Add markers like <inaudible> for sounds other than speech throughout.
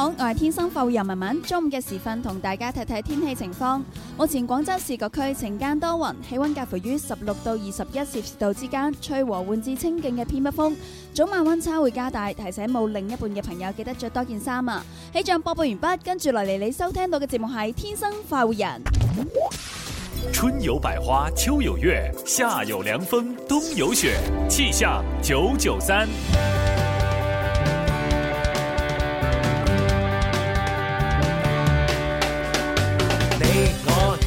好，我係天生快活人文文，中午嘅時分同大家睇睇天氣情況。目前廣州市各區晴間多雲，氣温介乎於十六到二十一攝氏度之間，吹和緩至清勁嘅偏北風。早晚温差會加大，提醒冇另一半嘅朋友記得着多件衫啊！氣象播報完畢，跟住嚟嚟，你收聽到嘅節目係天生快活人。春有百花，秋有月，夏有涼風，冬有雪。氣象九九三。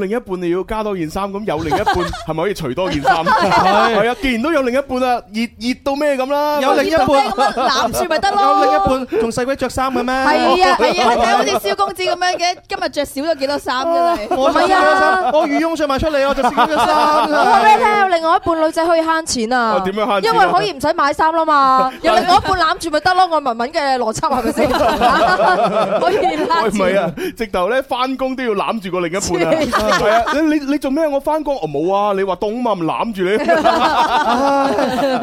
另一半你要加多件衫，咁有另一半係咪可以除多件衫？係啊，既然都有另一半啦，熱熱到咩咁啦？有另一半攬住咪得咯？有另一半仲細鬼着衫嘅咩？係啊係啊，睇好似蕭公子咁樣嘅，今日着少咗幾多衫嘅你？我唔着衫，我羽絨想賣出嚟，我着少咗衫。我咧有另外一半女仔可以慳錢啊，因為可以唔使買衫啦嘛，有另外一半攬住咪得咯？我文文嘅邏輯係咪先？可以慳錢。唔係啊，直頭咧翻工都要攬住個另一半啊。係啊！你你你做咩？我翻工我冇啊！你話凍嘛？唔攬住你，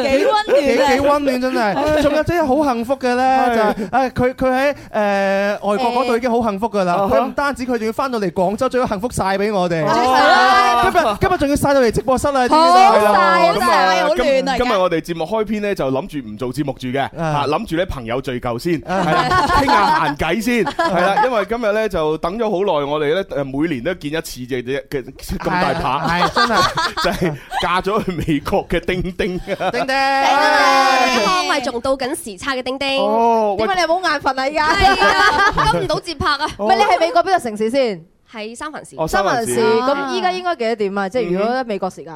幾温暖啊！幾温暖真係！仲有真係好幸福嘅咧，就誒，佢佢喺誒外國嗰度已經好幸福噶啦。佢唔單止佢仲要翻到嚟廣州，仲要幸福晒俾我哋。係啊！今日今日仲要晒到嚟直播室啊！好晒啊！真係好暖啊！今日我哋節目開篇咧，就諗住唔做節目住嘅吓，諗住咧朋友聚舊先，係啦，傾下閒偈先，係啦。因為今日咧就等咗好耐，我哋咧誒每年都見一次啫。咁大把，真係、哎、呀 <laughs> 就係嫁咗去美國嘅丁丁、啊、丁丁，丁丁，我咪仲到緊時差嘅丁丁，點解你冇眼瞓啊？而家跟唔到節拍啊？唔係、哦、你喺美國邊個城市先？喺三藩市，三藩市咁，依家應該幾多點啊？即係如果美國時間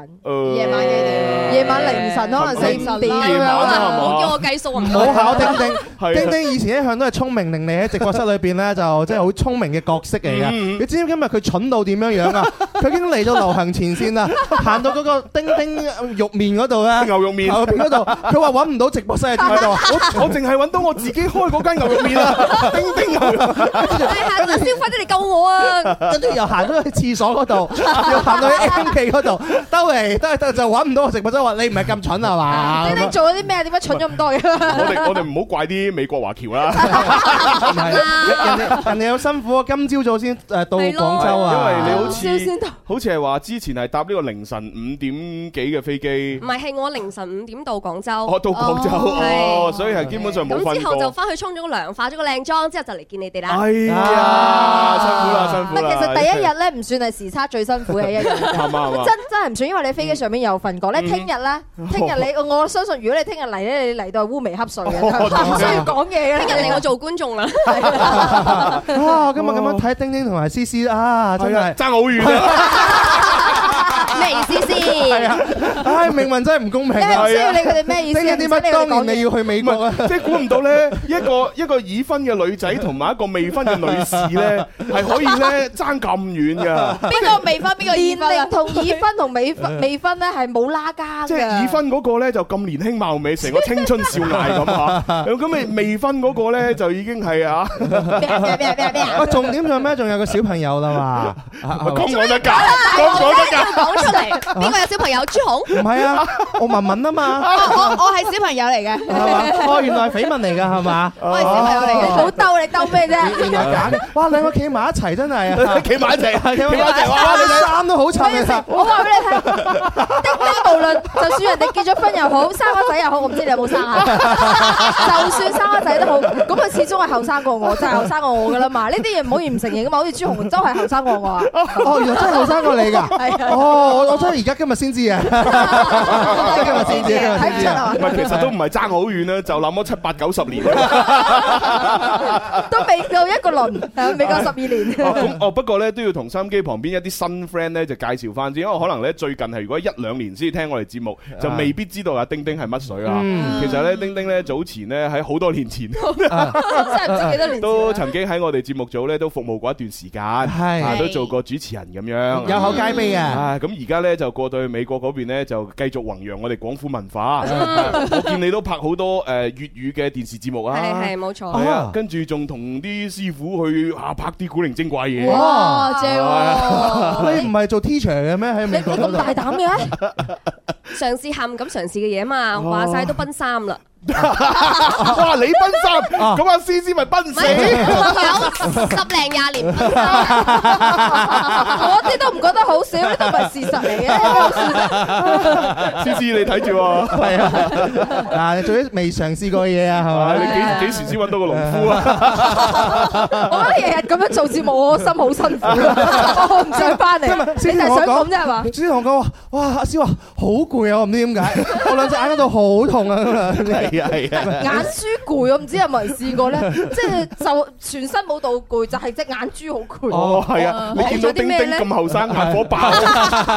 夜晚幾點？夜晚凌晨可能四五點。唔好叫我計數啊！唔好考丁丁，丁丁以前一向都係聰明伶俐，喺直播室裏邊咧，就即係好聰明嘅角色嚟嘅。你知唔知今日佢蠢到點樣樣啊？佢已經嚟到流行前線啦，行到嗰個丁丁肉麵嗰度啊！牛肉麵嗰度，佢話揾唔到直播室喺邊度，我我淨係揾到我自己開嗰間牛肉麵啦。丁丁牛肉，快啲嚟救我啊！跟住又行咗去廁所嗰度，又行到去 M K 嗰度，兜嚟兜就揾唔到我食。所以話，你唔係咁蠢啊嘛？咁你做咗啲咩？點解蠢咗咁多嘅？我哋我哋唔好怪啲美國華僑啦。係啦，人哋人哋好辛苦啊！今朝早先誒到廣州啊，因為你好似好似係話之前係搭呢個凌晨五點幾嘅飛機，唔係係我凌晨五點到廣州。我到廣州，所以係基本上冇瞓過。之後就翻去沖咗個涼，化咗個靚妝，之後就嚟見你哋啦。係啊，辛苦啦，辛苦啦！其實第一日咧唔算係時差最辛苦嘅一日，真真係唔算，因為你飛機上面有瞓過咧。聽日咧，聽日你我相信，如果你聽日嚟咧，你嚟到係烏眉瞌睡嘅，唔需要講嘢。聽日嚟我做觀眾啦。哇！今日咁樣睇丁丁同埋思思啊，真係差好遠咩意思先？係啊！唉，命運真係唔公平，係啊！唔知你佢哋咩意思啊？點解？當年你要去美國啊！即係估唔到咧，一個一個已婚嘅女仔同埋一個未婚嘅女士咧，係可以咧爭咁遠㗎。邊個未婚？邊個已婚？年齡同已婚同未婚未婚咧係冇拉加㗎。即係已婚嗰個咧就咁年輕貌美，成個青春少艾咁啊！咁咪未婚嗰個咧就已經係啊！咩啊咩啊咩啊！啊！重點就仲有個小朋友啦嘛！講講得㗎，講講得㗎，講。邊個有小朋友？朱紅？唔係啊，我文文啊嘛。我我係小朋友嚟嘅。哦，原來緋聞嚟嘅係嘛？我係小朋友嚟嘅，好鬥你鬥咩啫？你揀哇，兩個企埋一齊真係，企埋一齊，企埋一齊哇，你哋啱都好襯啊！我話俾你聽，的確無論，就算人哋結咗婚又好，生個仔又好，我唔知你有冇生啊。就算生個仔都好，咁佢始終係後生過我，真係後生過我噶啦嘛。呢啲嘢唔好嫌唔承認噶嘛，好似朱紅都係後生過我啊。哦，原來真係後生過你噶，哦。我我真係而家今日先知啊！今日先知嘅，唔係，其實都唔係爭好遠啦，就諗咗七八九十年，都未夠一個輪，未夠十二年。哦，不過咧都要同收音機旁邊一啲新 friend 咧就介紹翻，因為可能咧最近係如果一兩年先聽我哋節目，就未必知道阿丁丁係乜水啊。其實咧，丁丁咧早前咧喺好多年前，都曾經喺我哋節目組咧都服務過一段時間，都做過主持人咁樣，有口皆碑啊！咁而而家咧就過到去美國嗰邊咧，就繼續弘揚我哋廣府文化。 <laughs> 我見你都拍好多誒粵語嘅電視節目啊，係係冇錯。係啊，啊跟住仲同啲師傅去拍啲古靈精怪嘢。哇，正！你唔係做 teacher 嘅咩？喺美國咁大膽嘅， <laughs> 嘗試下唔敢嘗試嘅嘢啊嘛，話晒都奔三啦。哇哇！你奔三，咁阿思思咪奔死，十十零廿年。我一啲都唔覺得好少，呢啲都係事實嚟嘅。思思，你睇住，係啊，嗱，你做啲未嘗試過嘅嘢啊，係咪？你幾幾時先揾到個農夫啊？我日日咁樣做節目，我心好辛苦，我唔想翻嚟。你第日想講啫係嘛？主持人同我講話，哇！阿思話好攰啊，我唔知點解，我兩隻眼喺度好痛啊。眼珠攰，我唔知有冇人試過咧，即係就全身冇道具，就係隻眼珠好攰。哦，係啊，你見到丁丁咁後生眼火爆，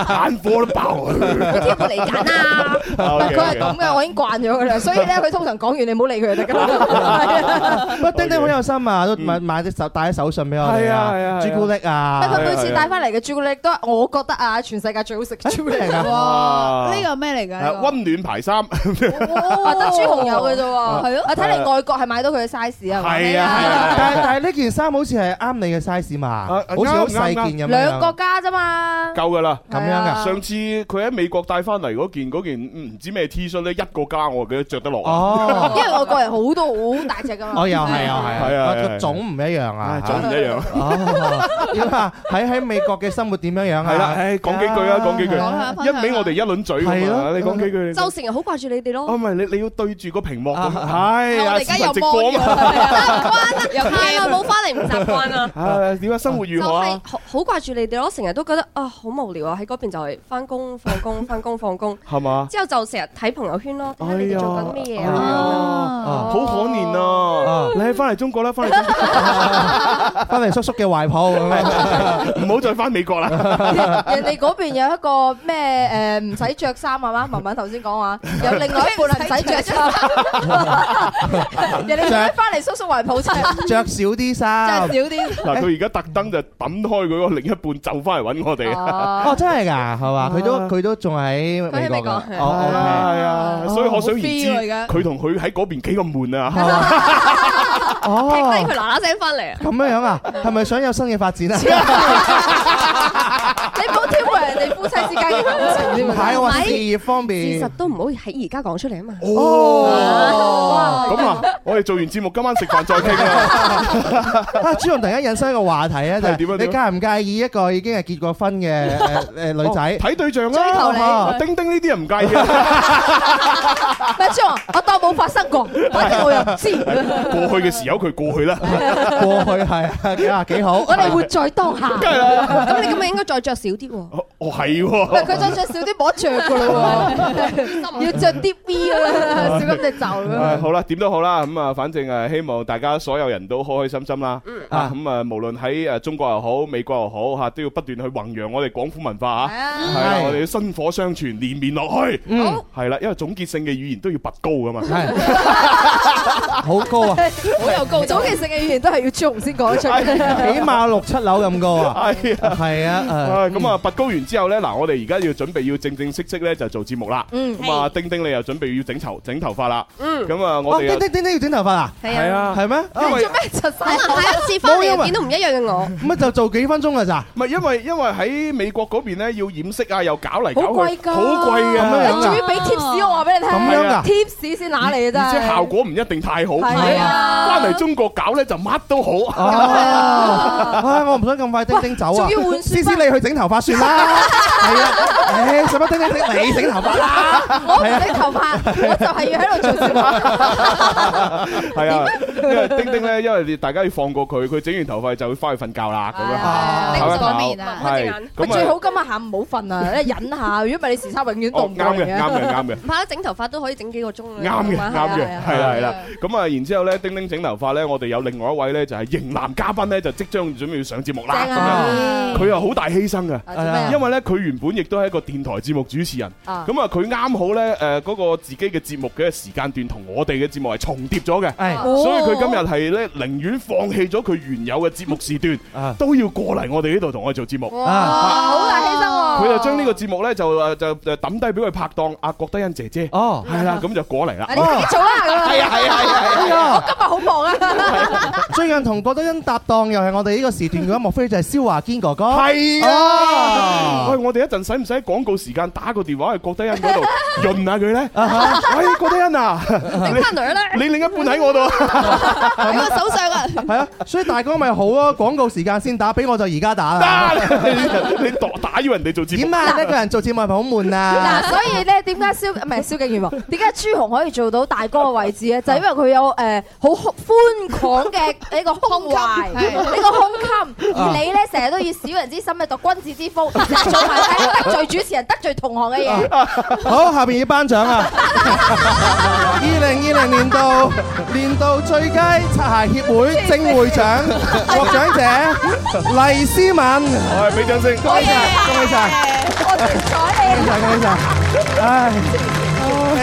眼火都爆，天不離緊啊！佢係咁嘅，我已經慣咗佢啦。所以咧，佢通常講完你唔好理佢得㗎。不過丁丁好有心啊，都買買啲手帶啲手信俾我哋。係啊，係啊，朱古力啊。但係佢每次帶翻嚟嘅朱古力都，我覺得啊，全世界最好食朱古力啊！呢個咩嚟㗎？溫暖排衫。啊！珍珠紅。有嘅啫喎，係咯，睇嚟外國係買到佢嘅 size 啊，係啊，但係呢件衫好似係啱你嘅 size 嘛，好似好細件咁樣。兩個加啫嘛，夠嘅啦。咁樣啊，上次佢喺美國帶翻嚟嗰件嗰件唔知咩 T-shirt 咧，一個加我記得著得落，因為外國人好多好大隻噶嘛。哦，又係啊係啊，個種唔一樣啊，種唔一樣。點啊？喺喺美國嘅生活點樣樣啊？係啦，講幾句啊，講幾句，一俾我哋一輪嘴啊嘛，你講幾句？就成日好掛住你哋咯。唔係你你要對住個屏幕咁，係啊，而家又望住，關啦，又係啊，冇翻嚟唔習慣啊。唉，點解？生活如何啊？好掛住你哋咯，成日都覺得啊，好無聊啊，喺嗰邊就係翻工、放工、翻工、放工，係嘛？之後就成日睇朋友圈咯，睇你哋做緊咩嘢啊？好可憐啊！你翻嚟中國啦，翻嚟翻嚟叔叔嘅懷抱咁樣，唔好再翻美國啦。人哋嗰邊有一個咩？誒，唔使著衫啊嘛，文文頭先講話，有另外一半唔使著衫。人哋翻嚟叔叔懷抱襯，着少啲衫，着少啲。嗱，佢而家特登就揼開佢個另一半就翻嚟揾，我哋哦，真係噶，係嘛？佢都佢都仲喺美國嘅。哦，係啊，所以可想而知，佢同佢喺嗰邊幾個悶啊，係嘛？哦，聽得佢嗱嗱聲翻嚟啊！咁樣樣啊？係咪想有新嘅發展啊？夫妻之間嘅感情，係或者事業方面，事實都唔好喺而家講出嚟啊嘛。哦，咁啊，我哋做完節目，今晚食飯再傾啊！啊，朱華突然間引申一個話題咧，就係點啊？你介唔介意一個已經係結過婚嘅誒女仔？睇對象啦，丁丁呢啲人唔介意。乜朱華？我當冇發生過，反正我又唔知過去嘅時候，佢過去啦。過去係幾啊幾好？我哋活在當下。咁你咁咪應該再着少啲喎。係喎，唔係佢再着少啲薄著噶啦，要着啲 V 噶啦，少咁多罩啦。好啦，點都好啦，咁啊，反正啊，希望大家所有人都開開心心啦。嗯，啊，咁啊，無論喺誒中國又好，美國又好吓，都要不斷去弘揚我哋廣府文化吓，係我哋薪火相傳，連綿落去。嗯，係啦，因為總結性嘅語言都要拔高噶嘛。係，好高啊，好又高。總結性嘅語言都係要朱紅先講得出，起碼六七樓咁高啊。係啊，係啊，咁啊，拔高完之後。咧嗱，我哋而家要準備要正正式式咧就做節目啦。嗯，咁啊，丁丁你又準備要整頭整頭髮啦。嗯，咁啊，我哋啊，丁丁丁丁要整頭髮啊？係啊，係咩？做咩？可能第一次翻嚟見到唔一樣嘅我。唔係就做幾分鐘啊？咋？唔係因為因為喺美國嗰邊咧要染色啊，又搞嚟搞去，好貴噶，好貴嘅咩？你仲要俾貼士我話俾你聽？咁樣噶，貼士先拿嚟嘅啫。而且效果唔一定太好。係啊，翻嚟中國搞咧就乜都好。哦，唉，我唔想咁快丁丁走啊。C C 你去整頭髮算啦。係啊，唉，使乜叮叮整？你整頭髮，我唔整頭髮，我就係要喺度做節目。係啊，因為叮叮咧，因為大家要放過佢，佢整完頭髮就要翻去瞓覺啦，咁樣。叮叮嗰面啊，係咁啊，佢最好今日下午唔好瞓啊，忍下。如果唔係你時差永遠都唔啱嘅。啱嘅，啱嘅。唔怕啦，整頭髮都可以整幾個鐘啊，啱嘅，啱嘅，係啦係啦。咁啊，然之後咧，叮叮整頭髮咧，我哋有另外一位咧，就係型男嘉賓咧，就即將準備上節目啦。正啊！佢又好大犧牲啊，因為咧。佢原本亦都係一個電台節目主持人，咁啊佢啱好呢，誒嗰個自己嘅節目嘅時間段同我哋嘅節目係重疊咗嘅，所以佢今日係咧寧願放棄咗佢原有嘅節目時段，都要過嚟我哋呢度同我哋做節目，好大犧牲。佢就將呢個節目呢，就就抌低俾佢拍檔阿郭德欣姐姐，哦係啦，咁就過嚟啦，你做啦，係啊係啊係，今日好忙啊，最近同郭德欣搭檔又係我哋呢個時段嘅，莫非就係蕭樺堅哥哥？係啊。喂、哎，我哋一陣使唔使喺廣告時間打個電話去郭德欣嗰度潤下佢咧？喂、哎，郭德欣啊，你另一半喺我度啊，喺 <laughs> 我手上啊。係啊，所以大哥咪好啊！廣告時間先打，俾我就而家打、啊啊、你度打，打要人哋做接點啊？一、啊、個人做節目咪好悶啊。嗱、啊，所以咧點解蕭唔係蕭敬元？點解朱紅可以做到大哥嘅位置咧？就是、因為佢有誒好、呃、寬廣嘅呢個胸懷，呢個胸襟。而你咧成日都以小人之心嚟度君子之腹。 <laughs> 唔係得罪主持人、得罪同行嘅嘢。好，下邊要頒獎啊！二零二零年度年度最佳擦鞋協會正會長獲獎者黎思敏，我係俾掌聲，恭喜晒！恭喜晒！恭喜恭喜！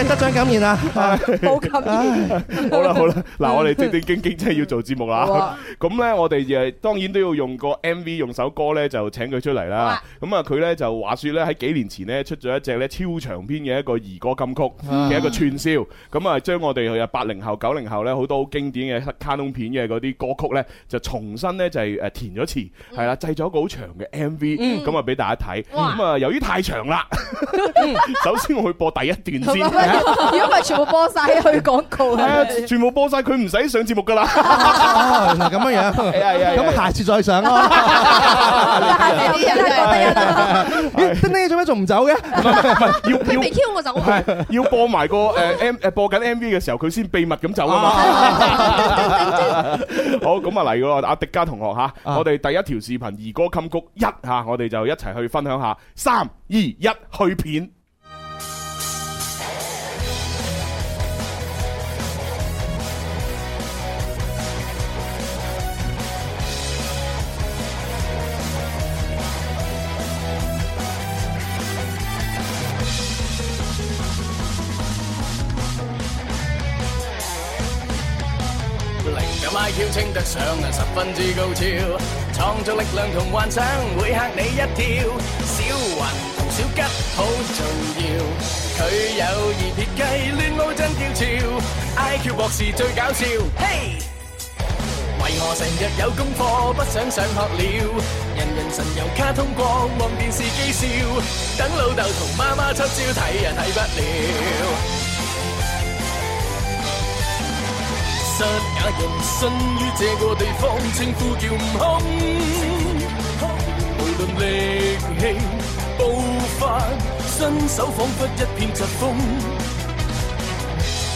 得獎感言啊，冇經驗。好啦好啦，嗱我哋正正經經真係要做節目啦。咁咧，我哋誒當然都要用個 MV，用首歌咧就請佢出嚟啦。咁啊，佢咧就話説咧喺幾年前咧出咗一隻咧超長篇嘅一個兒歌金曲嘅一個串燒。咁啊，將我哋嘅八零後九零後咧好多好經典嘅卡通片嘅嗰啲歌曲咧，就重新咧就係誒填咗詞，係啦，製咗個好長嘅 MV，咁啊俾大家睇。咁啊，由於太長啦，首先我去播第一段先。如果唔係，全部播晒去廣告。全部播晒佢唔使上節目噶啦。咁樣樣。咁下次再上。等做咩仲唔走嘅？要要，我走。要播埋個誒 M 誒播緊 MV 嘅時候，佢先秘密咁走啊嘛。好，咁啊嚟咯，阿迪嘉同學吓，我哋第一條視頻兒歌金曲一吓，我哋就一齊去分享下，三二一，去片。上人十分之高超，創造力量同幻想會嚇你一跳。小雲同小吉好重要，佢有二撇雞亂舞真叫俏。IQ 博士最搞笑，嘿、hey！為何成日有功課不想上學了？人人神遊卡通過，望電視機笑，等老豆同媽媽出招睇啊睇不了。失也人身於這個地方稱呼叫悟空，無論力氣步伐、步法、身手，仿佛一片疾風。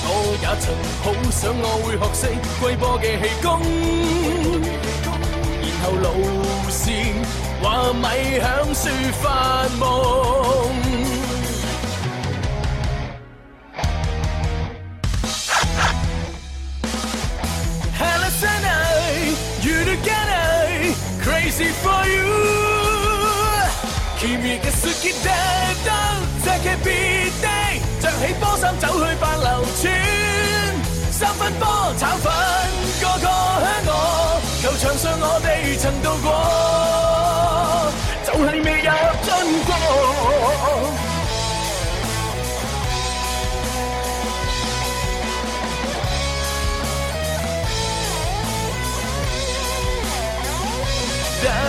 我也曾好想我會學識龜波嘅氣功，然後路線畫咪響樹發夢。是 for you，奇妙的熾熱的燈，這特別的，著起波衫走去發流傳。三分波炒粉，個個香我，球場上我哋曾度過，就係未有盡過。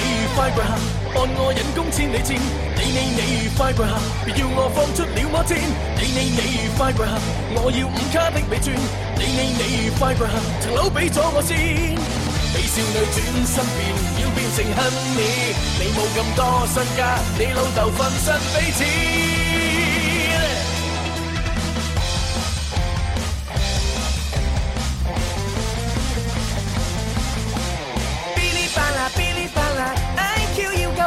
你如快跪下，按我引弓千里箭。你你你如快跪下，別要我放出了魔箭。你你你如快跪下，我要五卡的美鑽。你你你如快跪下，層樓俾咗我先。美少女轉身便要變成恨你。你冇咁多身家，你老豆瞓身俾錢。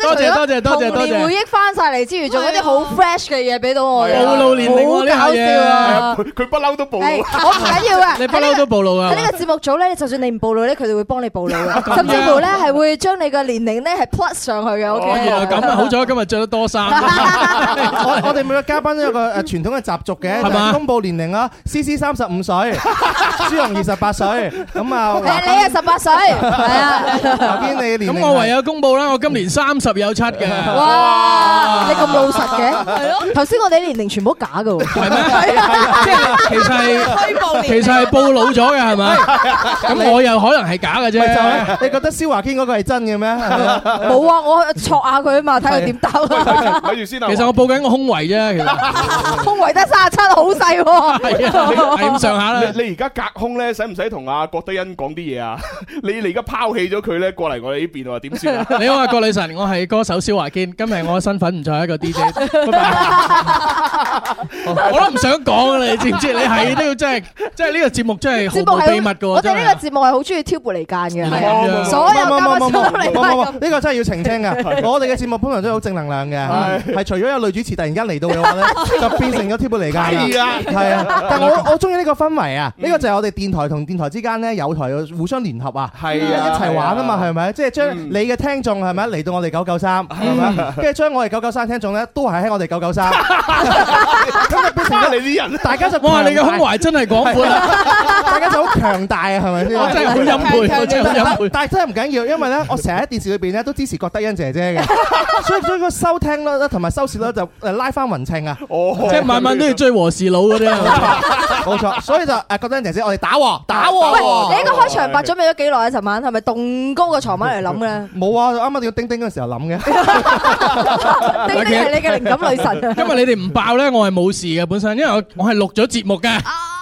多謝多謝多謝多謝！童年回憶翻曬嚟之餘，仲有啲好 fresh 嘅嘢俾到我。暴露年齡好搞笑啊！佢不嬲都暴露。我唔緊要啊！你不嬲都暴露啊！呢個節目組咧，就算你唔暴露咧，佢哋會幫你暴露嘅。甚至乎咧，係會將你嘅年齡咧係 plus 上去嘅。O K。咁好彩，今日著得多衫。我我哋每個嘉賓都有個誒傳統嘅習俗嘅，係嘛？公佈年齡啦，C C 三十五歲，舒揚二十八歲。咁啊，你你係十八歲，係啊。頭先你年齡咁，我唯有公佈啦。我今年三十。特別有七嘅哇！你咁老實嘅係咯？頭先我哋年齡全部假噶喎，係咩？即係其實其實係報老咗嘅係咪？咁我又可能係假嘅啫。你覺得蕭華堅嗰個係真嘅咩？冇啊！我戳下佢啊嘛，睇佢點兜咯。睇住先啊！其實我報緊個胸圍啫，其實胸圍得卅七好細喎，係啊，係咁上下啦。你而家隔空咧，使唔使同阿郭德欣講啲嘢？啊你你而家拋棄咗佢咧，過嚟我哋呢邊話點算啊？你好啊，郭女神，我係。歌手蕭樺堅，今日我身份唔再係一個 DJ，我都唔想講啦，你知唔知？你係都要即係，即係呢個節目真係好秘密噶，我哋呢個節目係好中意挑撥離間嘅，所有冇冇冇冇冇，呢個真係要澄清噶，我哋嘅節目本來都好正能量嘅，係除咗有女主持突然間嚟到嘅話咧，就變成咗挑撥離間。係啊，係啊，但我我中意呢個氛圍啊，呢個就係我哋電台同電台之間咧有台互相聯合啊，一齊玩啊嘛，係咪？即係將你嘅聽眾係咪嚟到我哋九九三，跟住將我哋九九三聽眾咧，都係喺我哋九九三，咁就變成咗你啲人。大家就講下你嘅胸懷真係廣闊，大家就好強大啊，係咪先？我真係好欽佩，我真係好欽佩。但係真係唔緊要，因為咧，我成日喺電視裏邊咧都支持郭德欣姐姐嘅，所以所以個收聽率咧同埋收視率就誒拉翻雲層啊！即係晚晚都要追和事佬嗰啲，冇錯。所以就誒郭德欣姐姐，我哋打喎打喎！喂，你呢個開場白準備咗幾耐啊？尋晚係咪動高個牀位嚟諗嘅？冇啊！啱啱要叮叮嘅時候。諗嘅，呢啲係你嘅靈感女神。 <laughs> 今日你哋唔爆咧，我係冇事嘅。本身因為我我係錄咗節目嘅。 <laughs>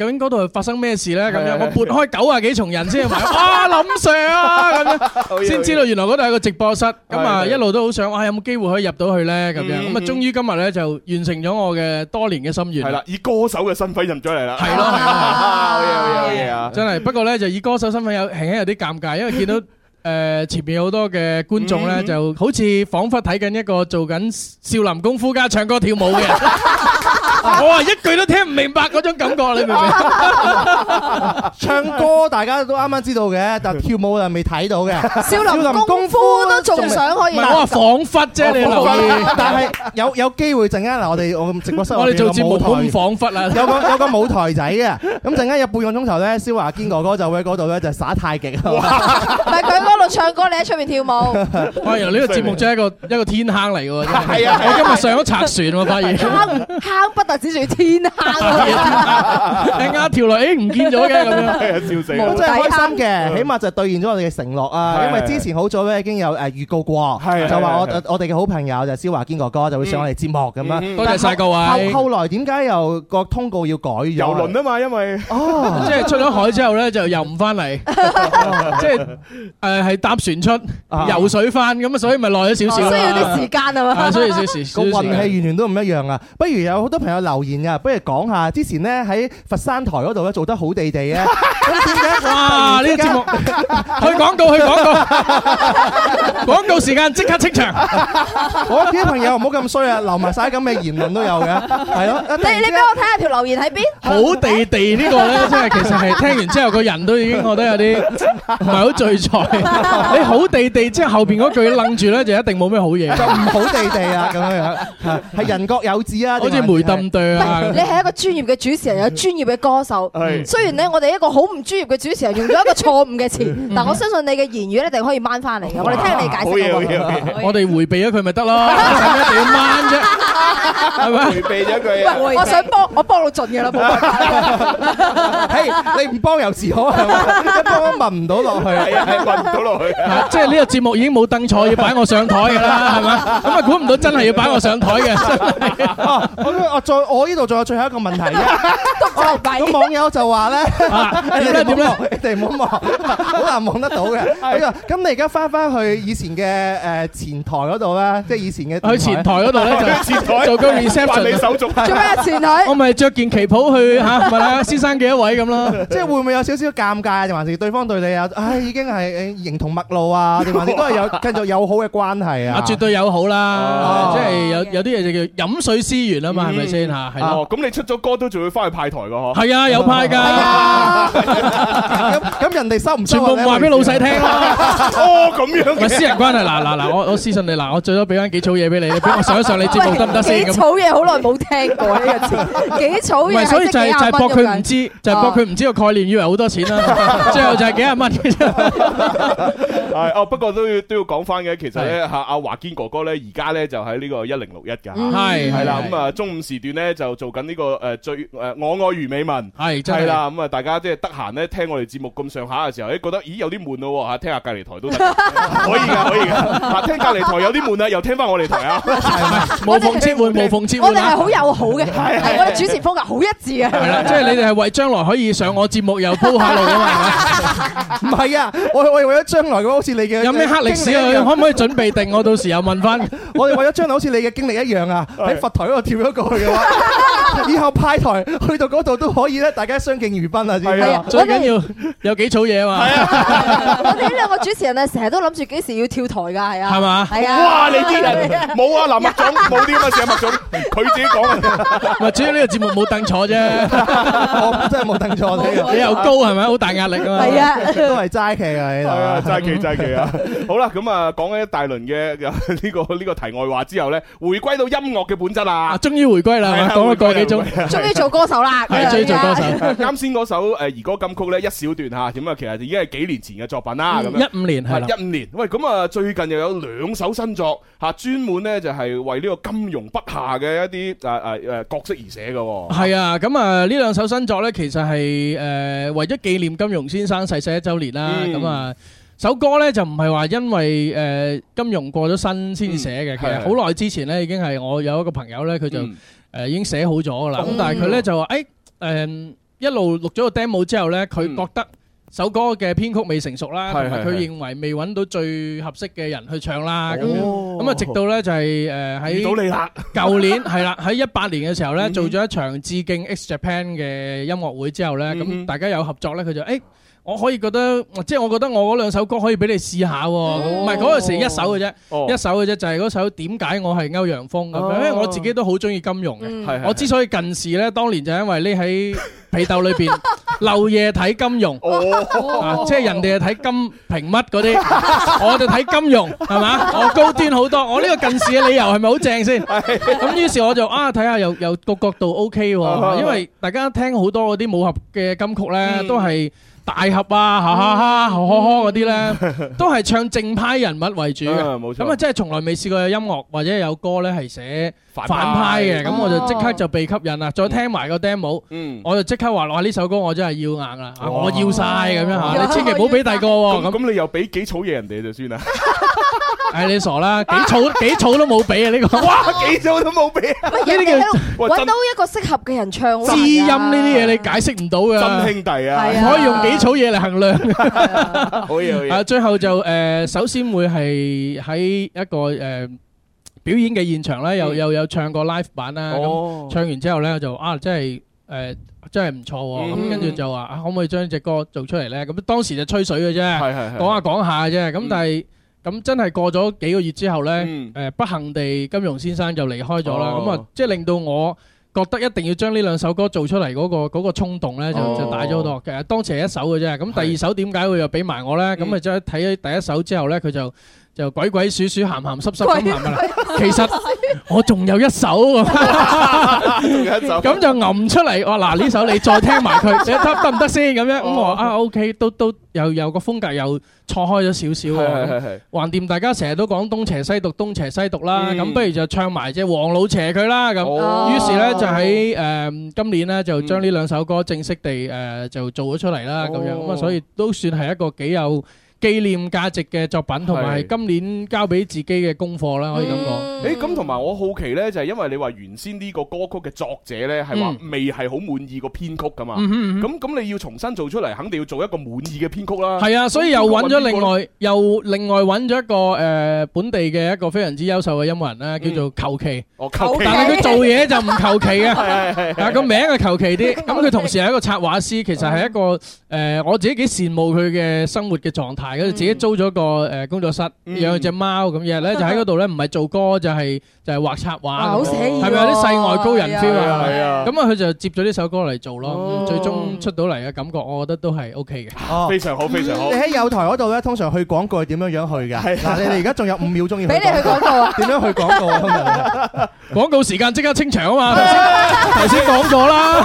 究竟嗰度發生咩事咧？咁樣我撥開九啊幾重人先，哇諗死啊！咁樣先知道原來嗰度係個直播室。咁啊一路都好想，哇有冇機會可以入到去咧？咁樣咁啊，終於今日咧就完成咗我嘅多年嘅心願。係啦，以歌手嘅身份入咗嚟啦。係咯，係啊，真係。不過咧就以歌手身份有輕輕有啲尷尬，因為見到誒前面有好多嘅觀眾咧，就好似仿佛睇緊一個做緊少林功夫加唱歌跳舞嘅人。我話一句都聽唔明白嗰種感覺，你明唔明？唱歌大家都啱啱知道嘅，但跳舞就未睇到嘅。少林功夫都仲想可以。我話恍惚啫，你留意。但係有有機會陣間嗱，我哋我直播室，我哋做節目都恍惚啊！有個有個舞台仔嘅，咁陣間有半個鐘頭咧，蕭樺堅哥哥就會喺嗰度咧，就耍太極。唔係佢嗰度唱歌，你喺出面跳舞。發現呢個節目真係一個一個天坑嚟嘅喎。係啊，我今日上咗賊船，我發現。坑不。指住天黑，突然間條女誒唔見咗嘅咁樣，笑死！真係開心嘅，起碼就係兌現咗我哋嘅承諾啊！因為之前好早咧已經有誒預告過，就話我我哋嘅好朋友就蕭樺堅哥哥就會上我哋節目咁樣。多謝曬各位。後後來點解又個通告要改遊輪啊嘛？因為哦，即係出咗海之後咧就遊唔翻嚟，即係誒係搭船出遊水翻咁啊，所以咪耐咗少少，需要啲時間啊嘛。需要少少，個運氣完全都唔一樣啊！不如有好多朋友。留言啊，不如講下之前咧喺佛山台嗰度咧做得好地地嘅，哇！呢個節目去廣告，去廣告，廣告時間即刻清場。我啲朋友唔好咁衰啊，留埋曬啲咁嘅言論都有嘅，係咯。你你俾我睇下條留言喺邊？好地地呢個咧，即係其實係聽完之後個人都已經覺得有啲唔係好聚財。你好地地即係後邊嗰句楞住咧，就一定冇咩好嘢。就唔好地地啦，咁樣樣係人各有志啊，好似梅鵲。對啦，你係一個專業嘅主持人，有專業嘅歌手。雖然咧，我哋一個好唔專業嘅主持人用咗一個錯誤嘅詞，但係我相信你嘅言語咧，一定可以掹翻嚟嘅。我哋聽你解釋。好要，我哋迴避咗佢咪得咯？點掹啫？係咪？迴避咗佢。我想幫我幫到盡嘅啦。係，你唔幫有時好，一幫問唔到落去。係啊，係問唔到落去。即係呢個節目已經冇凳坐要擺我上台㗎喇，係咪？咁啊，估唔到真係要擺我上台嘅。哦，我我再我呢度仲有最後一個問題嘅，咁網友就話咧，你哋點咧？你哋唔好望，好難望得到嘅。咁你而家翻翻去以前嘅誒前台嗰度咧，即係以前嘅去前台嗰度咧，就前台做個 reception，做咩啊？前台我咪著件旗袍去吓，問下先生幾多位咁囉。即係會唔會有少少尷尬，定還是對方對你啊？唉，已經係形同陌路啊，定還是都係有繼續友好嘅關係啊？啊，絕對友好啦，即係有有啲嘢就叫飲水思源啊嘛，係咪先？啊，係咯，咁你出咗歌都仲會翻去派台㗎嗬？係啊，有派㗎。咁咁人哋收唔收？全部話俾老細聽啦。哦，咁樣嘅。咪私人關係嗱嗱嗱，我我私信你嗱，我最多俾翻幾草嘢俾你，俾我上一上你節目得唔得先？草嘢好耐冇聽過呢個，幾草嘢。咪所以就係就係博佢唔知，就係博佢唔知個概念，以為好多錢啦。最後就係幾廿蚊嘅啫。係，哦，不過都要都要講翻嘅，其實咧嚇阿樺堅哥哥咧，而家咧就喺呢個一零六一㗎。係係啦，咁啊中午時段咧。咧就做緊呢個誒最誒我愛娛美聞，係係啦。咁啊大家即係得閒咧聽我哋節目咁上下嘅時候咧、欸、覺得咦有啲悶咯吓，聽下隔籬台都得，可以噶 <laughs> 可以噶，聽隔籬台有啲悶啦，又聽翻我哋台啊 <laughs> 係，係無縫切換無縫切換，我哋係好友好嘅， <laughs> 我哋主持風格好一致嘅，係啦，即係你哋係為將來可以上我節目又鋪下路啊嘛，唔係 <laughs> 啊，我我為咗將來嘅好似你嘅 <laughs> 有咩黑歷史啊， <laughs> 可唔可以準備定我到時又問翻？ <laughs> 我哋為咗將來好似你嘅經歷一樣啊，喺 <laughs> 佛台嗰度跳咗過去嘅。以後派台去到嗰度都可以咧，大家相敬如賓啊！係啊，最緊要有幾草嘢啊嘛。係啊，我哋呢兩個主持人咧，成日都諗住幾時要跳台噶，係啊。係嘛，係啊。哇，你啲人冇啊，林麥總冇啲咁嘅事啊，麥總佢自己講啊。主要呢個節目冇凳坐啫，我真係冇凳坐添。你又高係咪，好大壓力啊嘛。係啊，都係齋期啊，呢度。係啊，齋期齋期啊。好啦，咁啊講緊一大輪嘅呢個呢個題外話之後咧，回歸到音樂嘅本質啦，終於回歸啦。講咗個幾鐘？終於做歌手啦，係啊！終於做歌手，啱先嗰首誒兒歌金曲咧一小段吓，點啊？其實已經係幾年前嘅作品啦。咁樣一五年係啦，一五年。喂，咁啊最近又有兩首新作吓，專門咧就係為呢個金庸筆下嘅一啲誒誒誒角色而寫嘅。係啊，咁啊呢兩首新作咧，其實係誒為咗紀念金庸先生逝世一週年啦。咁啊首歌咧就唔係話因為誒金庸過咗身先寫嘅，其實好耐之前咧已經係我有一個朋友咧，佢就。誒、呃、已經寫好咗㗎啦，咁、嗯、但係佢咧就話誒誒一路錄咗個 demo 之後咧，佢覺得首歌嘅編曲未成熟啦，同埋佢認為未搵到最合適嘅人去唱啦，咁咁啊直到咧就係誒喺舊年係 <laughs> 啦，喺一八年嘅時候咧、嗯嗯、做咗一場致敬 X Japan 嘅音樂會之後咧，咁、嗯嗯、大家有合作咧，佢就誒。欸我可以覺得，即係我覺得我嗰兩首歌可以俾你試下，唔係嗰陣時一首嘅啫，一首嘅啫，就係嗰首點解我係歐陽鋒咁樣，因為我自己都好中意金庸嘅，我之所以近視咧，當年就因為呢喺被竇裏邊漏夜睇金庸，即係人哋係睇金瓶乜嗰啲，我就睇金庸係嘛，我高端好多，我呢個近視嘅理由係咪好正先？咁於是我就啊睇下又又個角度 OK 喎，因為大家聽好多嗰啲武俠嘅金曲咧，都係。大俠啊，哈哈哈，呵嗰啲咧都係唱正派人物為主嘅，咁啊、冇錯、即係從來未試過有音樂或者有歌咧係寫反派嘅，咁我就即刻就被吸引啦，嗯、再聽埋個 demo，嗯、我就即刻話：哇！呢首歌我真係要硬啦，我要曬咁樣吓，哦、你千祈唔好俾第二個，咁咁你又俾幾草嘢人哋就算啦。唉，你傻啦？幾草幾草都冇俾啊！呢個哇，幾草都冇俾。呢啲叫揾到一個適合嘅人唱。知音呢啲嘢你解釋唔到㗎。真兄弟啊，可以用幾草嘢嚟衡量。好嘢好嘢。啊，最後就誒，首先會係喺一個誒表演嘅現場咧，又又有唱過 live 版啦。哦。唱完之後咧就啊，真係誒，真係唔錯喎。咁跟住就話啊，可唔可以將隻歌做出嚟咧？咁當時就吹水嘅啫，講下講下嘅啫。咁但係。咁真係過咗幾個月之後呢，誒、嗯呃、不幸地金庸先生就離開咗啦。咁啊、哦，即係令到我覺得一定要將呢兩首歌做出嚟嗰、那個嗰、那個衝動呢，就就大咗好多嘅。哦、當時係一首嘅啫，咁第二首點解佢又俾埋我呢？咁啊，即係睇第一首之後呢，佢就。就鬼鬼祟祟，鹹鹹濕濕咁鹹噶啦。其實我仲有一首，咁就吟出嚟。我嗱呢首你再聽埋佢，得得唔得先咁樣？咁我啊 OK，都都又有個風格又錯開咗少少。係係係，橫掂大家成日都講東邪西毒，東邪西毒啦。咁不如就唱埋隻，黃老邪佢啦。咁於是咧，就喺誒今年咧，就將呢兩首歌正式地誒就做咗出嚟啦。咁樣咁啊，所以都算係一個幾有。紀念價值嘅作品，同埋今年交俾自己嘅功課啦，可以咁講。誒，咁同埋我好奇咧，就係因為你話原先呢個歌曲嘅作者咧，係話未係好滿意個編曲噶嘛？咁咁你要重新做出嚟，肯定要做一個滿意嘅編曲啦。係啊，所以又揾咗另外，又另外揾咗一個誒本地嘅一個非常之優秀嘅音樂人啦，叫做求其。哦，求其。但係佢做嘢就唔求其啊，啊個名係求其啲。咁佢同時係一個策畫師，其實係一個誒，我自己幾羨慕佢嘅生活嘅狀態。自己租咗個誒工作室，養隻貓咁日咧，就喺嗰度咧，唔係做歌就係就係畫插畫，好寫意，係咪有啲世外高人添？e 啊？係啊，咁啊，佢就接咗呢首歌嚟做咯，最終出到嚟嘅感覺，我覺得都係 OK 嘅，非常好，非常好。你喺友台嗰度咧，通常去廣告係點樣樣去㗎？嗱，你哋而家仲有五秒鐘要俾你去廣告啊？點樣去廣告啊？廣告時間即刻清場啊嘛！頭先講咗啦。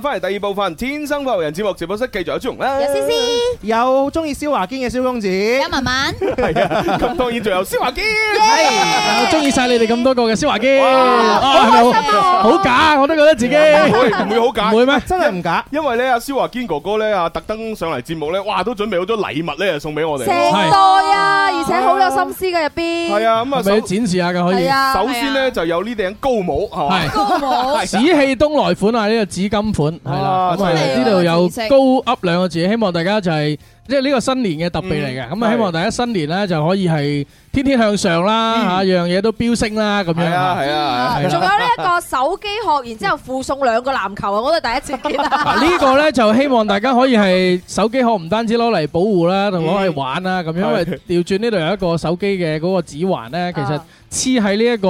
翻嚟第二部分《天生快活人》節目直播室，繼續有朱紅啦，有詩詩，有中意蕭樺堅嘅蕭公子，有文文，係啊，咁當然仲有蕭樺堅，係我中意曬你哋咁多個嘅蕭樺堅，係咪好？好假，我都覺得自己唔會唔會好假，唔會咩？真係唔假，因為咧啊，蕭樺堅哥哥咧啊，特登上嚟節目咧，哇，都準備好多禮物咧，送俾我哋。期待啊，而且好有心思嘅入邊。係啊，咁啊，想展示下嘅可以。係啊，首先咧就有呢頂高帽，係嘛？高帽，紫氣東來款啊，呢個紫金款。係啦，咁啊呢度有高 up 兩個字，希望大家就係，即係呢個新年嘅特備嚟嘅，咁啊希望大家新年咧就可以係天天向上啦，吓樣嘢都飆升啦，咁樣啊，係啊，仲有呢一個手機殼，然之後附送兩個籃球啊，我都第一次見。呢個咧就希望大家可以係手機殼唔單止攞嚟保護啦，同攞去玩啦，咁樣因為調轉呢度有一個手機嘅嗰個指環咧，其實。黐喺呢一個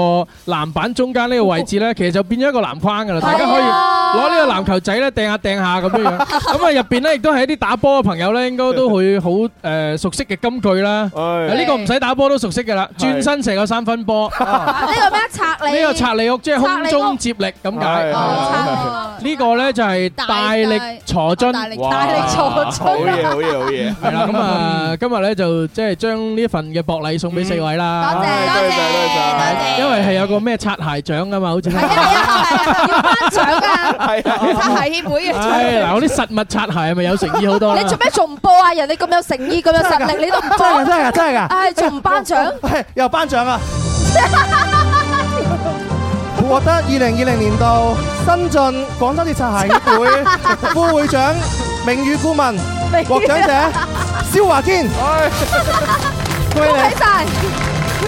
籃板中間呢個位置咧，其實就變咗一個籃框噶啦。大家可以攞呢個籃球仔咧掟下掟下咁樣。咁啊入邊咧亦都係一啲打波嘅朋友咧，應該都會好誒熟悉嘅金句啦。呢個唔使打波都熟悉噶啦。轉身射個三分波。呢個咩？拆你？呢個拆你屋，即係空中接力咁解。呢個咧就係大力坐樽。大力坐樽。好嘢，好嘢。咁啊，今日咧就即係將呢一份嘅薄禮送俾四位啦。多謝，多謝。因為係有個咩擦鞋獎噶嘛。好似係啊，係啊，係啊，要頒獎噶，係啊，擦鞋協會嘅。係嗱，嗰啲實物擦鞋係咪有誠意好多咧？你做咩仲唔播啊？人哋咁有誠意，咁有實力，你都唔播？真噶，真噶，真係噶。係仲唔頒獎？係又頒獎啊！我覺得二零二零年度新晉廣州節擦鞋協會副會長、名譽顧問、獲獎者蕭樺堅，歡迎你。恭喜晒！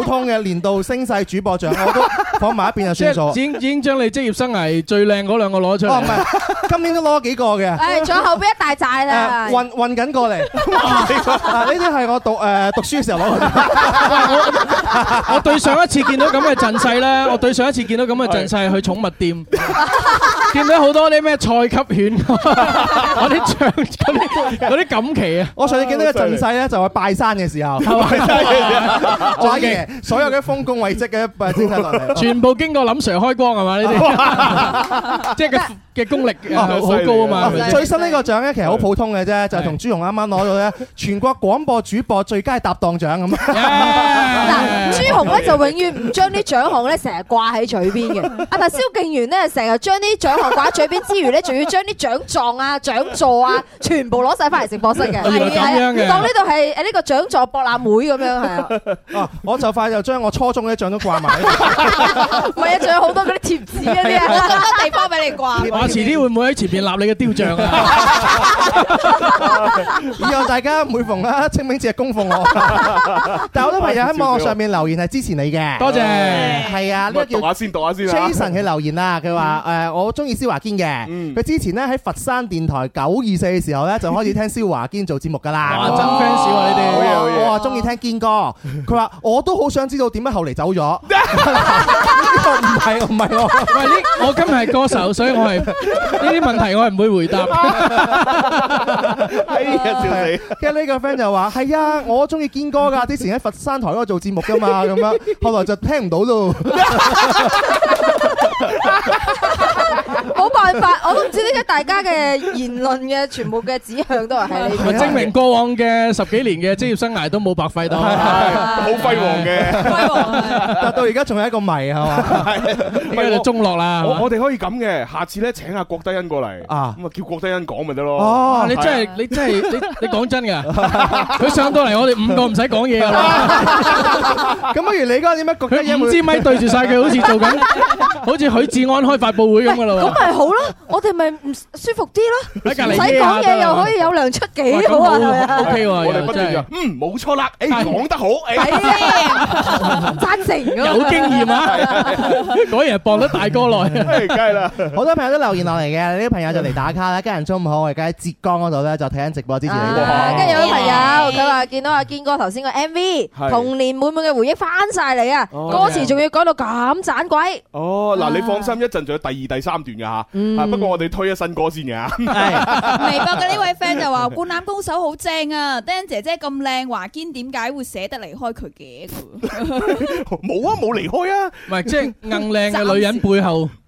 普通嘅年度星勢主播獎我都放埋一邊就算數，已已經將你職業生涯最靚嗰兩個攞出嚟。哦，唔係，今年都攞咗幾個嘅。係在後邊一大寨啦。運運緊過嚟。呢啲係我讀誒讀書嘅時候攞。我我對上一次見到咁嘅陣勢咧，我對上一次見到咁嘅陣勢去寵物店，見到好多啲咩賽級犬，嗰啲長嗰啲嗰啲錦旗啊。我上次見到個陣勢咧，就係拜山嘅時候。所有嘅封公位職嘅一啲全部經過林 Sir 開光係嘛，呢啲，即係嘅嘅功力好高啊嘛。最新呢個獎咧，其實好普通嘅啫，就係同朱紅啱啱攞咗咧，全國廣播主播最佳搭檔獎咁。嗱，朱紅咧就永遠唔將啲獎項咧成日掛喺嘴邊嘅。但蕭敬源咧成日將啲獎項掛喺嘴邊之餘咧，仲要將啲獎狀啊、獎座啊，全部攞曬翻嚟直播室嘅，係啊，當呢度係誒呢個獎座博覽會咁樣係啊。我就快就將我初中嘅像都掛埋，唔係啊，仲有好多嗰啲貼紙嗰啲啊，好多地方俾你掛。我遲啲會唔會喺前面立你嘅雕像啊？以後大家每逢啊清明節供奉我。但係好多朋友喺網上面留言係支持你嘅，多謝。係啊，呢個叫啊先讀下先 Jason 佢留言啊，佢話誒我中意蕭樺堅嘅，佢之前呢喺佛山電台九二四嘅時候咧就開始聽蕭樺堅做節目㗎啦。真 fans 呢啲，我啊中意聽堅哥。佢話我都。好想知道點解後嚟走咗？呢個唔係唔係，我今日係歌手，所以我係呢啲問題我係唔會回答。係 <laughs> 啊、 <laughs> 哎，接嚟。跟住呢個 friend 就話：係啊， <laughs> 我中意堅哥噶， <laughs> 之前喺佛山台嗰度做節目噶嘛，咁樣 <laughs> 後嚟就聽唔到咯。 <laughs> <laughs> 做法我都唔知點解大家嘅言論嘅全部嘅指向都係係，證明過往嘅十幾年嘅職業生涯都冇白費到，好輝煌嘅，達到而家仲係一個謎係嘛？輝落中落啦。我我哋可以咁嘅，下次咧請阿郭德欣過嚟啊，咁啊叫郭德欣講咪得咯。哦，你真係你真係你你講真㗎，佢上到嚟我哋五個唔使講嘢㗎啦。咁不如你而家點乜？佢五支咪對住晒佢，好似做緊，好似許志安開發佈會咁嘅咯喎。咁係好。好啦，我哋咪唔舒服啲啦，唔使講嘢又可以有糧出幾好啊！O K，我哋不對著，嗯，冇錯啦，誒講得好，係啊，贊成嘅，有經驗啊，果然係播得大哥耐，梗係啦，好多朋友都留言落嚟嘅，有啲朋友就嚟打卡啦，家人中午好，我哋喺浙江嗰度咧就睇緊直播支持你哋，跟住有啲朋友佢話見到阿堅哥頭先個 M V，童年滿滿嘅回憶翻曬嚟啊，歌詞仲要改到咁盞鬼。哦，嗱你放心，一陣仲有第二、第三段㗎吓。嗯、啊！不過我哋推咗新歌先㗎的。 <laughs> 微博嘅呢位 friend 就話： <laughs> 灌籃高手好正啊！Dan 姐姐咁靚，樺堅點解會捨得離開佢嘅？冇 <laughs> <laughs> 啊，冇離開啊！唔係 <laughs> 即係硬靚嘅女人背後。 <laughs> 暫時 <laughs>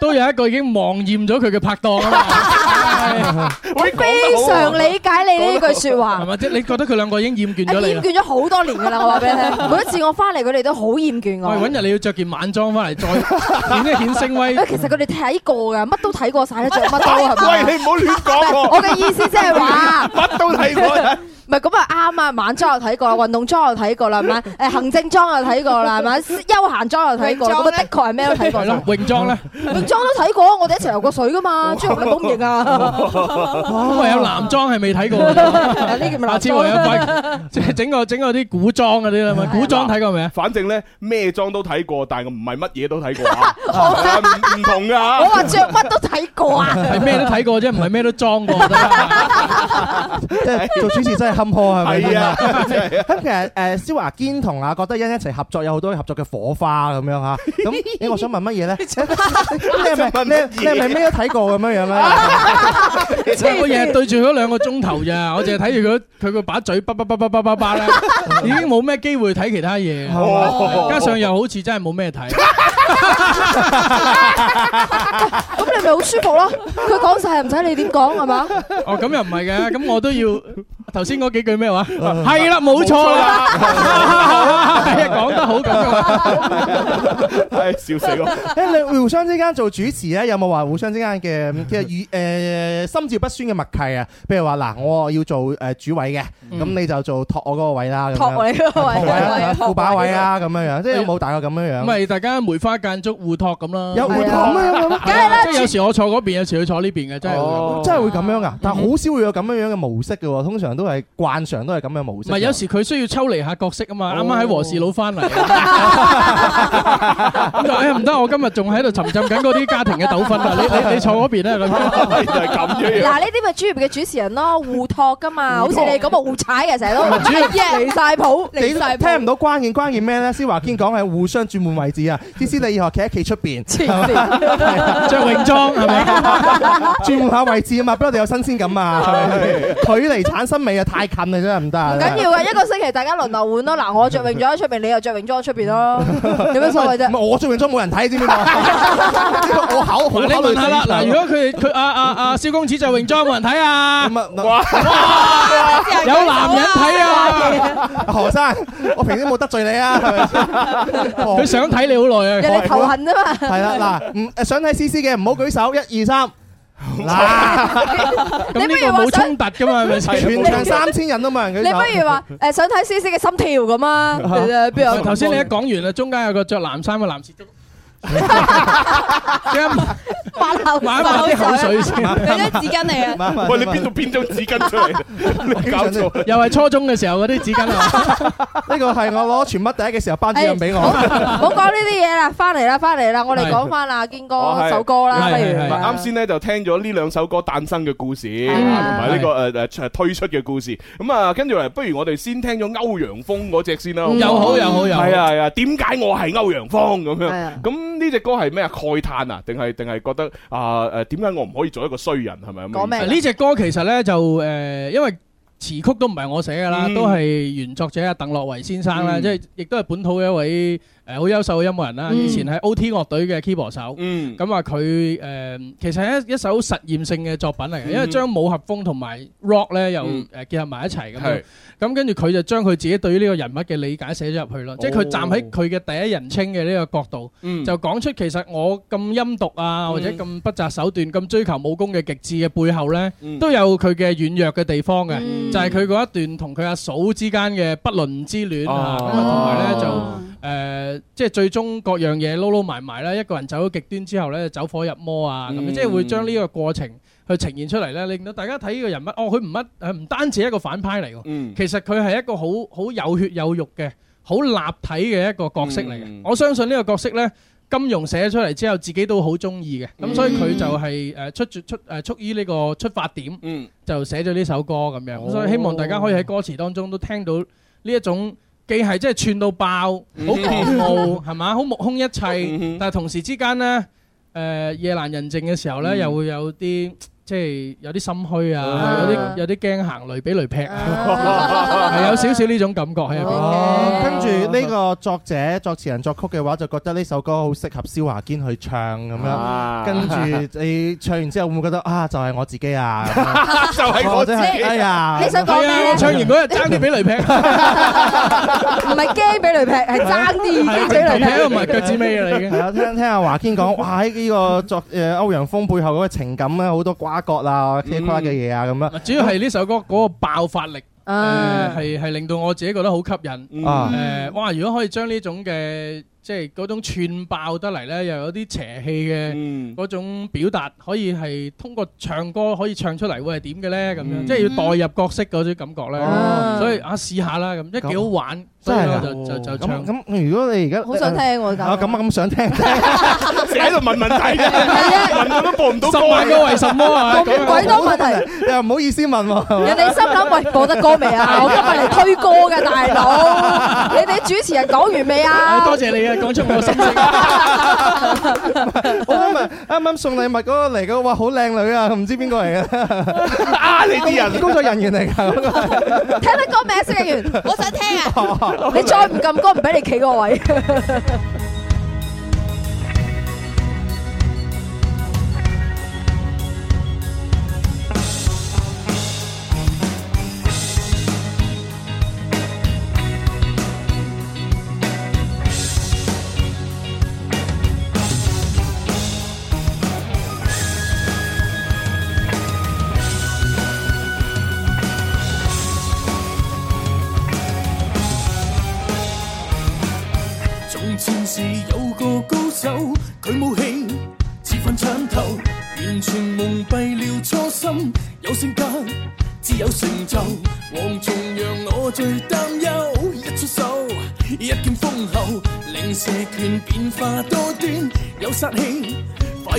都有一個已經望厭咗佢嘅拍檔， <laughs> 哎、我非常理解你呢句說話。係咪得？即、 <laughs> 就是，你覺得佢兩個已經厭倦咗你，你，厭倦咗好多年噶啦！我話俾你聽，每一次我翻嚟，佢哋都好厭倦我。揾日你要着件晚裝翻嚟，再顯一顯聲威。 <laughs> 其實佢哋睇過噶，乜都睇過晒啦，着乜都。 <laughs> 係咪喂，你唔好亂講。我嘅意思即係話乜都睇過。 <laughs> 唔係咁啊，啱啊！晚裝又睇過，運動裝又睇過啦，係咪？誒，行政裝又睇過啦，係咪？休閒裝又睇過，咁啊，的確係咩都睇過啦。泳裝咧？泳裝都睇過，我哋一齊游過水噶嘛，穿緊泳衣啊！咁啊，有男裝係未睇過。下次我有鬼，即係整個整個啲古裝嗰啲啦嘛。古裝睇過未啊？反正咧咩裝都睇過，但係我唔係乜嘢都睇過啊。唔同㗎，我話著乜都睇過啊，係咩都睇過啫，唔係咩都裝過。即係做主持真係坎坷係咪先？咁其實誒，蕭樺堅同阿郭德欣一齊合作，有好多合作嘅火花咁樣吓。咁，你我想問乜嘢咧？你係咪？你係咪咩都睇過咁樣樣咧？即係我日日對住嗰兩個鐘頭咋，我淨係睇住佢，佢個把嘴咧，已經冇咩機會睇其他嘢。加上又好似真係冇咩睇。咁、 <laughs> 哎、你咪好舒服咯？佢講晒又唔使你點講係嘛？ <laughs> 哦，咁又唔係嘅，咁我都要。頭先嗰幾句咩話？係啦，冇錯啦，講得好咁嘅，笑死我！誒，你互相之間做主持咧，有冇話互相之間嘅嘅誒心照不宣嘅默契啊？譬如話嗱，我要做誒主位嘅，咁你就做托我嗰個位啦，托位個位，托把位啊，咁樣樣，即係冇大個咁樣樣，咪大家梅花間竹互托咁啦，有互托咩？梗係啦，即係有時我坐嗰邊，有時佢坐呢邊嘅，真係真係會咁樣噶，但係好少會有咁樣樣嘅模式嘅，通常。都係慣常，都係咁嘅模式。唔係有時佢需要抽離下角色啊嘛，啱啱喺和事佬翻嚟，咁哎呀唔得，我今日仲喺度沉浸緊嗰啲家庭嘅糾紛啊！你你你坐嗰邊咧，就係咁嘅。嗱，呢啲咪專業嘅主持人咯，互托噶嘛，好似你咁啊，互踩嘅成日咯，離曬譜，你聽唔到關鍵關鍵咩咧？蕭樺堅講係互相轉換位置啊，啲師弟師妹企喺企出邊，穿著泳裝係咪？轉換下位置啊嘛，不嬲你有新鮮感啊，距離產生係啊，太近啦，真係唔得。唔緊要嘅，一個星期大家輪流換咯。嗱，我著泳裝喺出邊，你又著泳裝喺出邊咯。有咩所謂啫？唔係我著泳裝冇人睇，知唔知？我口好。我問下啦，嗱，如果佢佢阿阿阿蕭公子著泳裝冇人睇啊？咁啊！哇哇！有男人睇啊！何生，我平時都冇得罪你啊，係咪先？佢想睇你好耐啊！人哋頭痕啊嘛。係啦，嗱，唔想睇 C C 嘅唔好舉手，一二三。嗱，你不如話係咪？全場三千人都啊嘛， <laughs> 你不如話誒想睇 C C 嘅心跳咁啊誒，邊有頭先你一講完啦，中間有個着藍衫嘅男士。哈哈哈哈哈！買買啲口水先，有張紙巾嚟啊。喂，你邊度編張紙巾出嚟？又係初中嘅時候嗰啲紙巾啊！呢個係我攞全班第一嘅時候，班主任俾我。唔好講呢啲嘢啦，翻嚟啦，翻嚟啦，我哋講翻啦，阿堅哥首歌啦。係係 factual factual issements、uh。啱先咧，就聽咗呢兩首歌誕生嘅故事，同埋呢個誒誒誒推出嘅故事。咁啊，跟住嚟，不如我哋先聽咗歐陽鋒嗰隻先啦。有好有好有。係啊係啊，點解我係歐陽鋒咁樣？咁。呢隻歌係咩啊？慨嘆啊？定係定係覺得啊？誒、呃，點解我唔可以做一個衰人？係咪咁講？呢隻、啊、歌其實呢，就誒、呃，因為詞曲都唔係我寫噶啦，嗯、都係原作者阿鄧樂維先生啦，嗯、即係亦都係本土嘅一位。係好優秀嘅音樂人啦，以前喺 O.T. 樂隊嘅 keyboard 手，咁話佢誒，其實係一一首實驗性嘅作品嚟嘅，因為將武俠風同埋 rock 咧又誒結合埋一齊咁，咁跟住佢就將佢自己對於呢個人物嘅理解寫咗入去咯，即係佢站喺佢嘅第一人稱嘅呢個角度，就講出其實我咁陰毒啊，或者咁不擇手段，咁追求武功嘅極致嘅背後咧，都有佢嘅軟弱嘅地方嘅，就係佢嗰一段同佢阿嫂之間嘅不倫之戀啊同埋咧就。誒，即係最終各樣嘢撈撈埋埋啦，一個人走咗極端之後咧，走火入魔啊！咁即係會將呢個過程去呈現出嚟咧，令到大家睇呢個人物，哦，佢唔一誒唔單止係一個反派嚟喎，其實佢係一個好好有血有肉嘅、好立體嘅一個角色嚟嘅。我相信呢個角色咧，金庸寫出嚟之後，自己都好中意嘅。咁所以佢就係誒出住出誒，出於呢個出發點，就寫咗呢首歌咁樣。所以希望大家可以喺歌詞當中都聽到呢一種。既係即係串到爆，terminar, <laughs> 好狂傲係嘛，好目空一切，但係同時之間呢，誒、uh, 夜闌人靜嘅時候呢， 嗯、又會有啲。即係有啲心虛啊，有啲有啲驚行雷，俾雷劈，係有少少呢種感覺喺入邊。跟住呢個作者、作詞人、作曲嘅話，就覺得呢首歌好適合蕭樺堅去唱咁樣。跟住你唱完之後會唔會覺得啊，就係我自己啊？就係我自己啊！你想講啲咩？唱完嗰日爭啲俾雷劈，唔係驚俾雷劈，係爭啲已經俾雷劈。唔係腳趾尾嚟嘅。係啊，聽聽阿樺堅講，哇！喺呢個作誒歐陽鋒背後嗰個情感咧，好多掛。角啦，嘅嘢啊，咁樣。主要係呢首歌嗰個爆發力，係係、啊呃、令到我自己覺得好吸引。誒、啊呃，哇！如果可以將呢種嘅，即係嗰種串爆得嚟咧，又有啲邪氣嘅嗰種表達，嗯、可以係通過唱歌可以唱出嚟，會係點嘅咧？咁樣、嗯、即係要代入角色嗰種感覺咧。啊、所以啊，試下啦，咁即係幾好玩。真係就就就唱咁，如果你而家好想聽我咁咁咁想聽，喺度問問題啫，問、啊、都播唔到歌，因為什麼啊？咁鬼說多問題，你又唔好意思問喎？人哋心諗喂，播 <laughs> 得歌未啊？我今日嚟推歌嘅，大佬，你哋主持人講完未啊？多謝你啊，講出我心情。 <laughs> <laughs> 我啱啱送禮物嗰個嚟嘅，哇，好靚女啊，唔知邊個嚟嘅？ <laughs> 啊，你啲人工作人員嚟噶，聽得歌名？工作人員，我想聽啊！哦、你再唔撳歌，唔俾你企個位。 <laughs>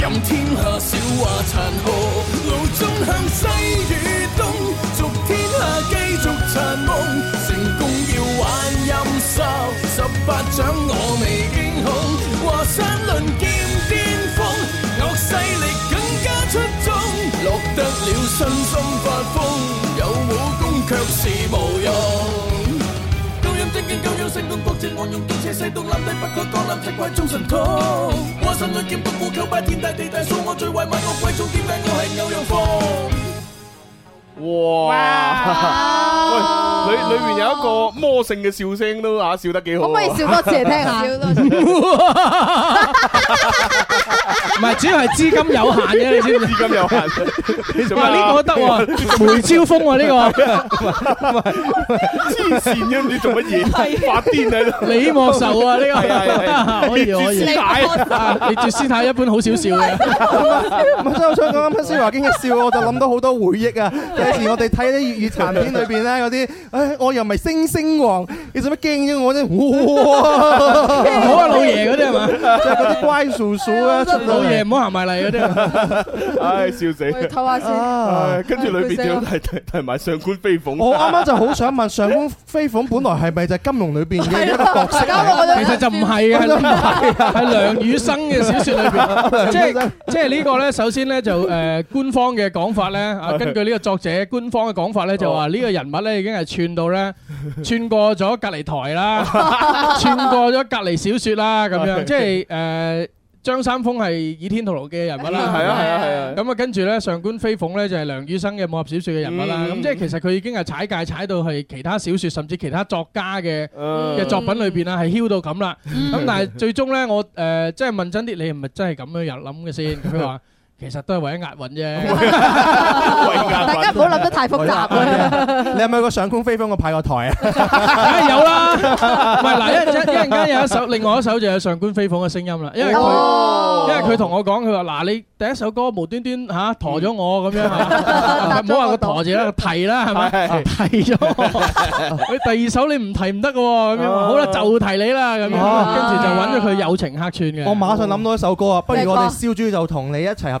任天下笑話殘酷，路縱向西與東，逐天下繼續殘夢。成功要玩陰濕，十八掌我未驚恐。華山論劍巔，巔峰惡勢力更加出眾，落得了身心發瘋。有武功卻是無用。正見教養成功，國政安用天邪？世道難替，不抗江南，七怪縱神通。我心內劍不腐，叩拜天大地大，數我最壞，萬惡鬼重。點解我係歐陽鋒。哇！里哇喂裏面有一個魔性嘅笑聲咯，啊，笑得幾好。可唔可以笑多次嚟聽下？ <laughs> <laughs> <laughs> 唔係，主要係資金有限嘅，你知唔知？資金有限。嗱呢個得喎，梅超風喎呢個。黐線都唔知做乜嘢，發癲啊！李莫愁啊，呢個可以可以。李莫愁，你接先睇一般好少少。唔係，我想講蕭樺堅一笑，我就諗到好多回憶啊！有時我哋睇啲粵語殘片裏邊咧，嗰啲，唉，我又唔係星星王，你做乜驚咗我啫？唔好話老爺嗰啲係嘛？就係嗰啲乖叔叔咧出到。耶！唔好行埋嚟嗰啲，唉，笑死。偷下先，跟住裏邊掉，提提埋上，上官飛鳳。 <laughs> 我啱啱就好想問上官飛鳳本來係咪就係金庸裏邊嘅一個角色？ <laughs> 其實就唔係嘅，係 <laughs> 梁羽生嘅小說裏邊。即係即係呢個咧，首先咧就誒、呃、官方嘅講法咧，根據呢個作者官方嘅講法咧，就話呢個人物咧已經係串到咧，串過咗隔籬台啦， <laughs> 串過咗隔籬小說啦，咁樣即係誒。 <laughs> 張三豐係倚天屠龍記嘅人物啦，係啊係啊係啊。咁啊跟住咧，上官飛鳳咧就係梁羽生嘅武俠小說嘅人物啦。咁即係其實佢已經係踩界踩到係其他小說甚至其他作家嘅嘅、嗯、作品裏邊啦，係囂到咁啦。咁但係最終咧，我誒即係問真啲，你係咪真係咁樣入諗嘅先？佢話。 <laughs> 其實都係為咗押韻啫，大家唔好諗得太複雜。你係咪個上官飛鳳個派個台啊？梗係有啦，唔係嗱一一一陣間有一首，另外一首就有上官飛鳳嘅聲音啦。因為佢因為佢同我講，佢話嗱你第一首歌無端端吓陀咗我咁樣，但係唔好話佢陀住啦，提啦係咪？提咗，佢第二首你唔提唔得噶，咁樣好啦，就提你啦咁樣，跟住就揾咗佢友情客串嘅。我馬上諗到一首歌啊，不如我哋燒豬就同你一齊合。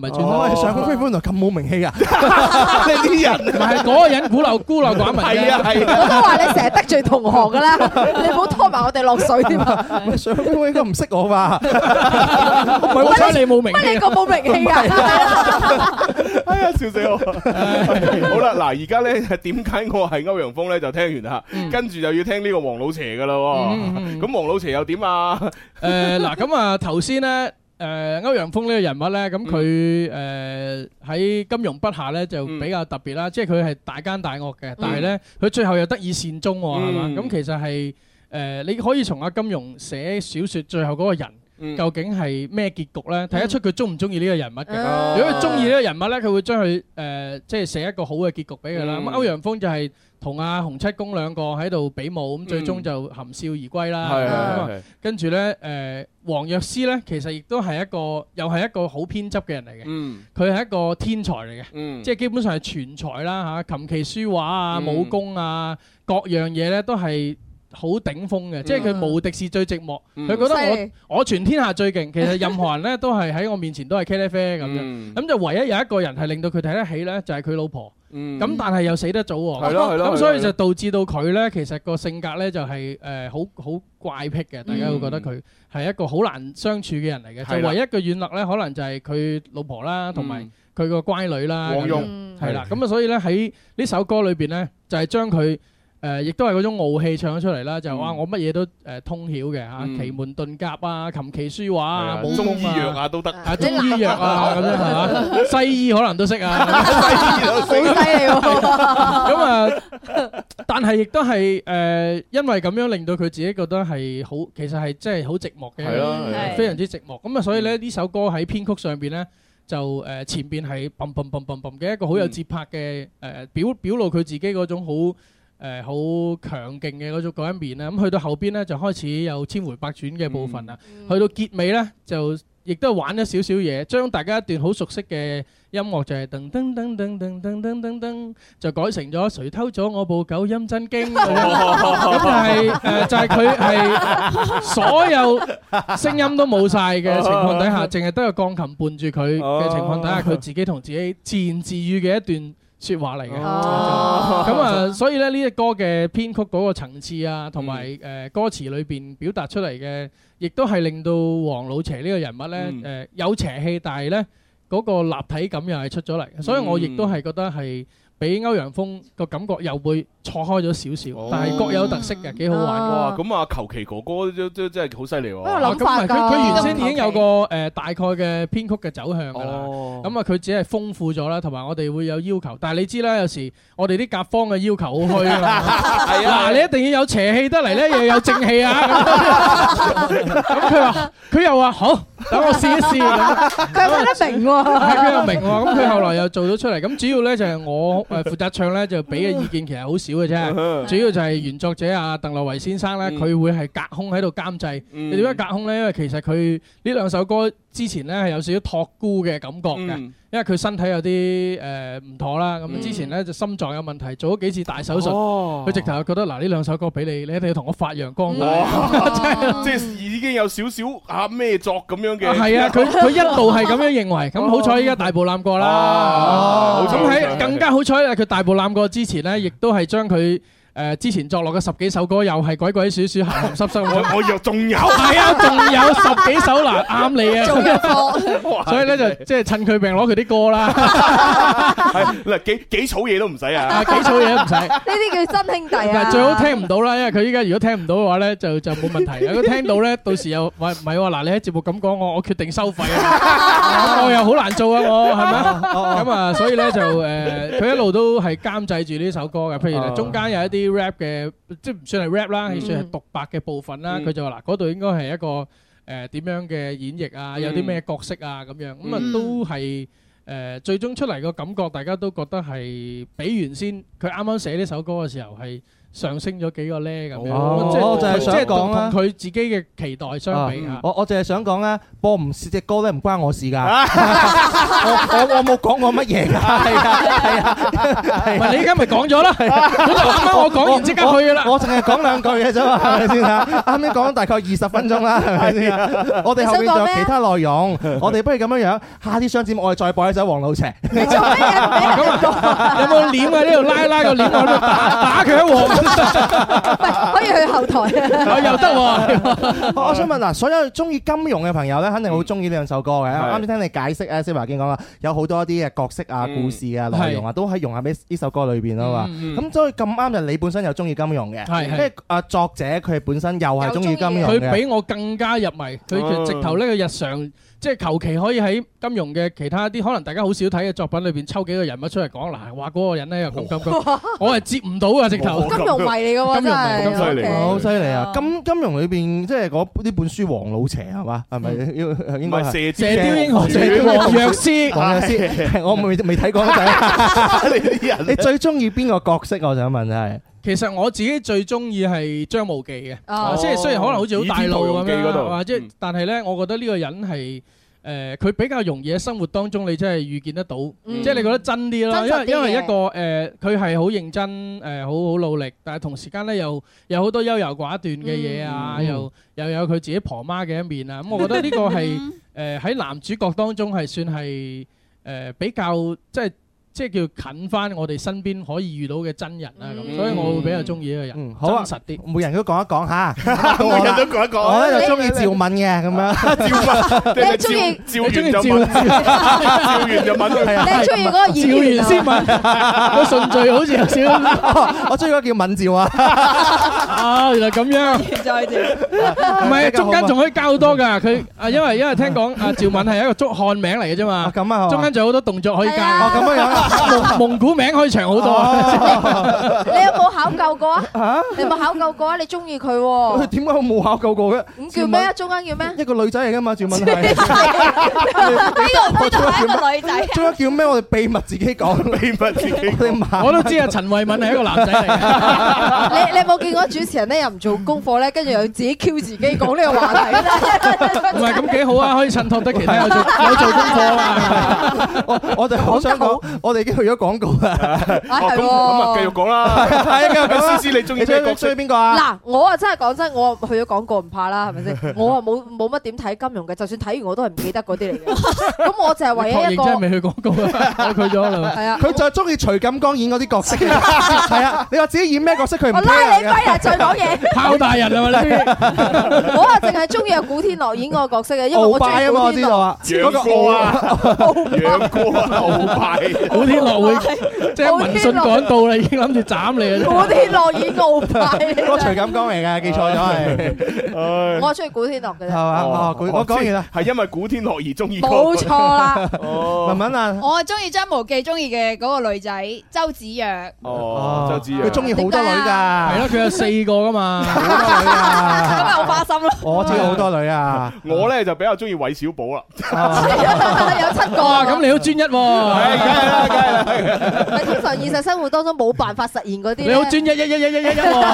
唔係轉咯，上飛哥本來咁冇名氣噶，即係啲人唔係嗰個人孤陋孤陋寡聞。係啊係，我都話你成日得罪同學噶啦，你唔好拖埋我哋落水添啊！上飛哥應該唔識我吧？乜你冇名氣？乜你個冇名氣㗎？哎呀，笑死我！好啦，嗱，而家咧點解我係歐陽鋒咧？就聽完啦，跟住就要聽呢個黃老邪㗎啦。咁黃老邪又點啊？誒嗱，咁啊頭先咧。誒歐陽鋒呢個人物呢，咁佢誒喺金庸筆下呢就比較特別啦，即係佢係大奸大惡嘅，但係呢，佢最後又得以善終，係嘛？咁其實係誒，你可以從阿金庸寫小説最後嗰個人究竟係咩結局呢？睇得出佢中唔中意呢個人物嘅。如果佢中意呢個人物呢，佢會將佢誒即係寫一個好嘅結局俾佢啦。咁歐陽鋒就係。同阿洪七公兩個喺度比武，咁最終就含笑而歸啦。跟住呢，誒黃藥師呢，其實亦都係一個，又係一個好偏執嘅人嚟嘅。佢係一個天才嚟嘅，即係基本上係全才啦嚇，琴棋書畫啊、武功啊，各樣嘢呢都係好頂峰嘅。即係佢無敵是最寂寞，佢覺得我我全天下最勁，其實任何人呢都係喺我面前都係茄哩啡咁樣。咁就唯一有一個人係令到佢睇得起呢，就係佢老婆。嗯，咁但係又死得早喎，咁所以就導致到佢咧，其實個性格咧就係誒好好怪癖嘅，大家會覺得佢係一個好難相處嘅人嚟嘅。就唯一嘅軟肋咧，可能就係佢老婆啦，同埋佢個乖女啦，係啦，咁啊，所以咧喺呢首歌裏邊咧，就係將佢。誒，亦都係嗰種傲氣唱咗出嚟啦，就話我乜嘢都誒、呃、通曉嘅吓，奇門遁甲啊，琴棋書畫啊，中醫藥啊都得、啊，啊中醫藥啊咁、啊、 <laughs> 樣西醫可能都識啊，好犀利喎！咁啊，但係亦都係誒，因為咁樣令到佢自己覺得係好，其實係真係好寂寞嘅，係、啊啊、非常之寂寞。咁是啊，啊，所以咧呢首歌喺編曲上邊咧，就誒、呃、前邊係嘭嘭嘭嘭嘅一個好有節拍嘅誒表表露佢自己嗰種好，誒好強勁嘅嗰種嗰一面啦，咁去到後邊呢，就開始有千回百轉嘅部分啦，嗯、去到結尾呢，就亦都玩咗少少嘢，將大家一段好熟悉嘅音樂就係噔噔噔噔噔噔噔噔，就改成咗誰偷咗我部《九陰真經》咁，咁係、哦、就係佢係所有聲音都冇晒嘅情況底下，淨係得個鋼琴伴住佢嘅情況底下，佢、哦哦哦、自己同自己自言自語嘅一段。說話嚟嘅，咁、oh. 嗯嗯、啊，所以咧呢隻歌嘅編曲嗰個層次啊，同埋誒歌詞裏邊表達出嚟嘅，亦、嗯、都係令到黃老邪呢個人物呢，誒、嗯呃、有邪氣，但係呢，嗰、那個立體感又係出咗嚟，所以我亦都係覺得係。嗯俾歐陽鋒個感覺又會錯開咗少少，但係各有特色嘅，幾好玩。哇、嗯！咁、嗯、啊，求其、哦嗯、哥哥都都真係好犀利喎。咁咪佢佢原先已經有個誒、呃、大概嘅編曲嘅走向㗎啦。咁啊、哦，佢、嗯嗯、只係豐富咗啦，同埋我哋會有要求。但係你知啦，有時我哋啲甲方嘅要求好虛啊。係 <laughs> <laughs> 啊，你一定要有邪氣得嚟咧，又有正氣啊。咁佢話：佢又話好。等 <laughs> 我試一試，佢聽得明喎、啊，佢又明喎、啊，咁佢後來又做咗出嚟。咁主要咧就係我誒負責唱咧，就俾嘅意見其實好少嘅啫。主要就係原作者啊，鄧樂維先生咧，佢會係隔空喺度監製。你點解隔空咧？因為其實佢呢兩首歌之前呢係有少少託孤嘅感覺嘅，嗯、因為佢身體有啲誒唔妥啦。咁之前呢就心臟有問題，做咗幾次大手術。佢、哦、直頭覺得嗱，呢兩首歌俾你，你一定要同我發揚光大。即係已經有少少啊咩作咁樣嘅。係啊，佢佢、啊啊、 <laughs> 一度係咁樣認為。咁好彩依家大步攬過啦。咁喺更加好彩咧，佢大步攬過之前呢，亦都係將佢。嗯誒，之前作落嘅十幾首歌又係鬼鬼祟祟、鹹鹹濕濕，我我又仲有，係啊，仲有十幾首啦，啱你啊，做錯，所以咧就即係趁佢病攞佢啲歌啦，嗱幾幾草嘢都唔使啊，幾草嘢都唔使，呢啲叫真兄弟啊，最好聽唔到啦，因為佢依家如果聽唔到嘅話咧，就就冇問題啊，如果聽到咧，到時又唔係喎嗱你喺節目咁講我，我決定收費啊，我又好難做啊我，係咪啊？咁啊，所以咧就誒，佢一路都係監製住呢首歌嘅，譬如中間有一啲。rap 嘅即係唔算係 rap 啦，嗯、係算係獨白嘅部分啦。佢、嗯、就話嗱，嗰度應該係一個誒點、呃、樣嘅演繹啊，嗯、有啲咩角色啊咁樣。咁、嗯、啊、嗯、都係誒、呃、最終出嚟個感覺，大家都覺得係比原先佢啱啱寫呢首歌嘅時候係，上升咗幾個咧咁樣，即係即係講啦，佢自己嘅期待相比下。我我淨係想講咧，播唔是隻歌咧，唔關我事㗎。我我我冇講我乜嘢㗎。係啊係啊，唔係你而家咪講咗啦。咁講緊我講完即刻去啦。我淨係講兩句嘢啫嘛，係咪先啊？啱啱講大概二十分鐘啦，係咪先？我哋後面仲有其他內容。我哋不如咁樣樣，下啲商節目我哋再播一首黃老邪。你做咩啊？你咁有冇臉啊？呢度拉拉個臉，我打打佢喺黃。唔 <laughs> 可以去後台、 <laughs> 啊、又得、啊， <laughs> <laughs> 我想問嗱，所有中意金融嘅朋友咧，肯定好中意呢兩首歌嘅。啱先、嗯、聽你解釋咧，先樺堅講啦，有好多啲嘅角色啊、故事啊、內、嗯、容啊，都係融合喺呢首歌裏邊啊嘛。咁、嗯嗯、所以咁啱就你本身又中意金融嘅，係即係阿作者佢本身又係中意金融，佢比我更加入迷，佢直頭呢佢日常。哦即係求其可以喺金庸嘅其他啲可能大家好少睇嘅作品裏邊抽幾個人物出嚟講嗱，話嗰個人咧又咁咁咁，我係接唔到啊！直頭。金庸迷嚟嘅喎，金庸迷。好犀利啊！金金庸裏邊即係嗰呢本書《黃老邪》係嘛？係咪要應該係。射雕英雄。黃藥師，我未未睇過。你最中意邊個角色？我想問真係。其實我自己最中意係張無忌嘅，oh, 即係雖然可能好似好大路咁樣，或者、嗯、但係咧，我覺得呢個人係誒，佢、呃、比較容易喺生活當中你真係遇見得到，嗯、即係你覺得真啲咯，嗯、因為因為一個誒，佢係好認真誒，好、呃、好努力，但係同時間咧又,又有好多優柔寡斷嘅嘢啊，又又有佢自己婆媽嘅一面啊，咁、嗯、我覺得呢個係誒喺男主角當中係算係誒、呃、比較,比較即係。即係叫近翻我哋身邊可以遇到嘅真人啦，咁所以我會比較中意呢個人，真實啲。每人都講一講嚇，每人都講一講。我咧就中意趙敏嘅咁樣，趙敏定係趙趙中意趙趙。趙完就問係啊，你中意嗰個趙完先問？個順序好似有少少，我中意嗰個叫敏趙啊。啊，原來咁樣。再趙唔係，中間仲可以教多㗎。佢啊，因為因為聽講啊，趙敏係一個捉漢名嚟嘅啫嘛。咁啊，中間仲有好多動作可以教。哦，咁啊樣。蒙古名可以長好多，你有冇考究過啊？你有冇考究過啊？你中意佢，點解我冇考究過嘅？你叫咩啊？中間叫咩？一個女仔嚟噶嘛？趙敏係呢個冇錯，係個女仔。中間叫咩？我哋秘密自己講，秘密自己講。我都知啊，陳慧敏係一個男仔嚟。你你有冇見過主持人咧？又唔做功課咧？跟住又自己 Q 自己講呢個話題咧？唔係咁幾好啊？可以襯托得其他有做功課啦。我我哋好想講我。我哋已經去咗廣告啊！咁啊，繼續講啦。係啊，思思，你中意追追邊個啊？嗱，我啊真係講真，我去咗廣告唔怕啦，係咪先？我啊冇冇乜點睇金融嘅，就算睇完我都係唔記得嗰啲嚟嘅。咁我就係唯一一個認真未去廣告我去咗啦。係啊，佢就係中意徐錦江演嗰啲角色。係啊，你話自己演咩角色佢唔？我拉你飛啊！再講嘢，拋大人係咪咧？我啊淨係中意阿古天樂演個角色嘅，因為我中意古天樂。楊過啊，歐陽過啊，歐拜。古天樂會即係聞訊趕到啦，已經諗住斬你啦！古天樂已告白，剛才咁講嚟噶，記錯咗係。我中意古天樂嘅啫，係嘛？我講完啦，係因為古天樂而中意。冇錯啦，文文啊，我中意張無忌中意嘅嗰個女仔周芷若。哦，周芷若，佢中意好多女噶，係咯，佢有四個噶嘛，咁咪好花心咯。我中意好多女啊，我咧就比較中意韋小寶啦。有七個，咁你好專一喎。係，梗係啦。係，係，通常現實生活當中冇辦法實現嗰啲。 <laughs> 你好專一，一,一,一,一,一,一，一，一，一，一，一喎，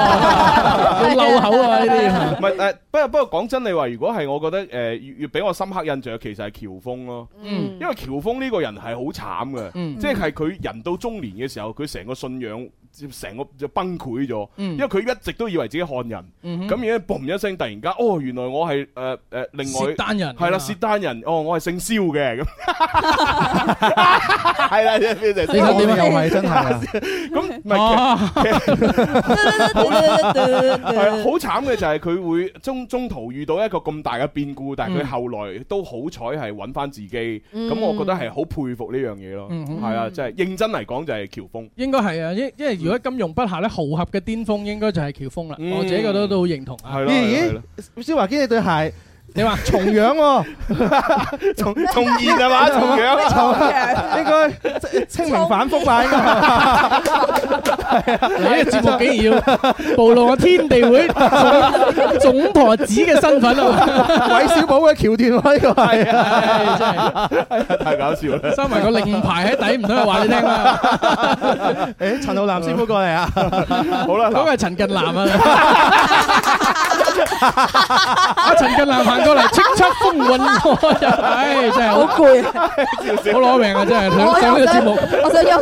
好漏口啊呢啲。唔係，誒，不過不過講真，你話如果係，我覺得誒、呃、越越俾我深刻印象，其實係喬峯咯。嗯，因為喬峯呢個人係好慘嘅，嗯、即係係佢人到中年嘅時候，佢成個信仰。成個就崩潰咗，因為佢一直都以為自己漢人，咁而家嘣一聲，突然間哦，原來我係誒誒另外，契丹人係啦，契丹人哦，我係姓蕭嘅咁，係啦，呢啲就你又咪真係咁唔係，係好慘嘅就係佢會中中途遇到一個咁大嘅變故，但係佢後來都好彩係揾翻自己，咁我覺得係好佩服呢樣嘢咯，係啊，即係認真嚟講就係喬峯，應該係啊，因因為。如果金庸筆下呢，豪俠嘅巔峰應該就係喬峰啦。嗯、我自己覺得都好認同的啊。咦咦，蕭樺堅你對鞋？你話重樣喎，重重二係嘛？重樣重樣，應該清明反覆版㗎嘛？你啲節目竟然要暴露我天地會總堂子嘅身份啊！ <laughs> 韋小寶嘅橋段喎，係啊，真係太搞笑啦！收埋個令牌喺底，唔使話你聽啦。誒，陳浩南師傅過嚟啊！好啦，嗰個係陳近南啊。 <laughs> <laughs> 阿陳近南行過嚟叱咤風雲，我又，唉，真係好攰，好攞命啊！ <laughs> 真係上呢個節目，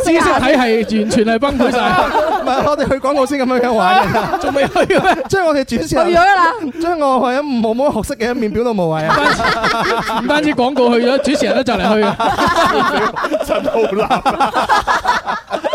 知識體系完全係崩潰晒。唔係， <laughs> 我哋去廣告先咁樣玩嘅，仲未 <laughs> 去。將 <laughs> 我哋主持人去咗啦，將 <laughs> 我去咗，冇乜學識嘅一面表都無謂啊！唔 <laughs> 單止廣告去咗，主持人都就嚟去啦。陳 <laughs> <laughs> 陳浩南。 <laughs>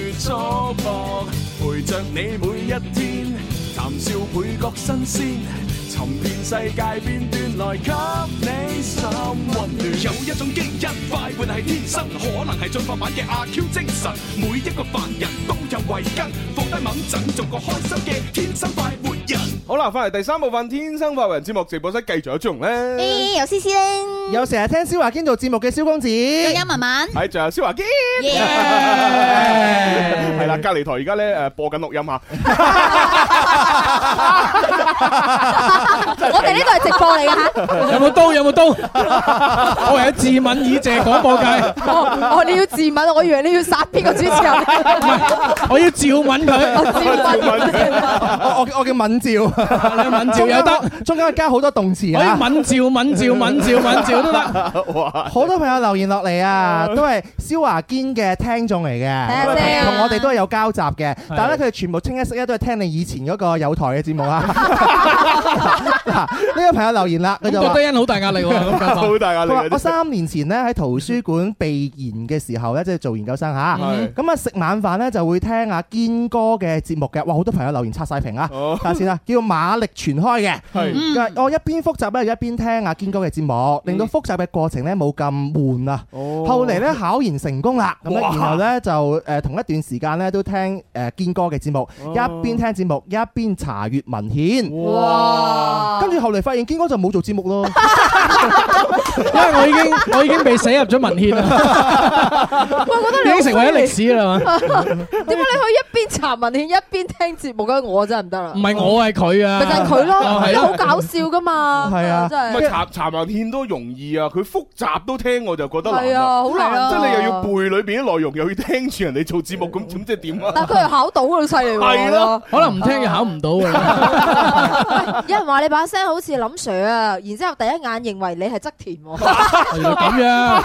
舒服，陪着你每一天，談笑會覺新鮮。尋遍世界邊端來給你心溫暖，有一種基因快活係天生，可能係進化版嘅阿 Q 精神。每一個凡人都有遺根，放低掹枕做個開心嘅天生快活人。好啦，翻嚟第三部分《天生快活人》節目直播室，繼續有朱容咧，有詩詩咧，有成日聽蕭樺堅做節目嘅蕭公子，錄音文文，係仲有蕭樺堅，係啦，隔籬台而家咧誒播緊錄音啊。 <laughs> 我哋呢度係直播嚟㗎吓，有冇刀？有冇刀？我唯有自刎以謝廣播界。我你要自刎？我以為你要殺邊個主持人？我要照吻佢 <laughs> <laughs> 我照吻佢。我叫敏照，你叫敏照。有得中間加好多動詞啊！可以 <laughs> <laughs> 敏照、敏照、敏照、敏照都得。好 <laughs> 多朋友留言落嚟啊，都係蕭樺堅嘅聽眾嚟嘅，同 <laughs> 我哋都係有交集嘅。 <laughs> 的但係咧，佢哋全部清一色都係聽你以前嗰個有台嘅節目啊。 <laughs> 嗱，呢 <laughs> 個朋友留言啦，佢 <laughs> 就話：第好 <laughs> 大壓力喎，啊，好大壓力。 <laughs> 我三年前呢，喺圖書館備研嘅時候呢，即、就、係、是、做研究生嚇，咁啊是、嗯、食晚飯呢就會聽阿堅哥嘅節目嘅。哇，好多朋友留言刷晒屏啊！睇下先啦，叫馬力全開嘅，係，我一邊複習呢，一邊聽阿堅哥嘅節目，令到複習嘅過程呢冇咁悶啊。後嚟呢，考研成功啦，咁啊，然後呢，就誒同一段時間呢都聽誒堅哥嘅節目，一邊聽節目一邊查閱文獻。哇！跟住後嚟發現堅哥就冇做節目咯，因為我已經我已經被寫入咗文獻啦，我覺得你已經成為咗歷史啦嘛。點解你可以一邊查文獻一邊聽節目嘅？我真係唔得啦。唔係我係佢啊，咪就係佢咯，都好搞笑噶嘛。係啊，真係。唔係查查文獻都容易啊，佢複雜都聽我就覺得難啦。好難啊！即係你又要背裏邊啲內容，又要聽住人哋做節目，咁咁即係點啊？但係佢又考到啊，好犀利喎！係咯，可能唔聽又考唔到啊，因為。話你把聲好似林 Sir 啊，然之後第一眼認為你係側田喎。點呀？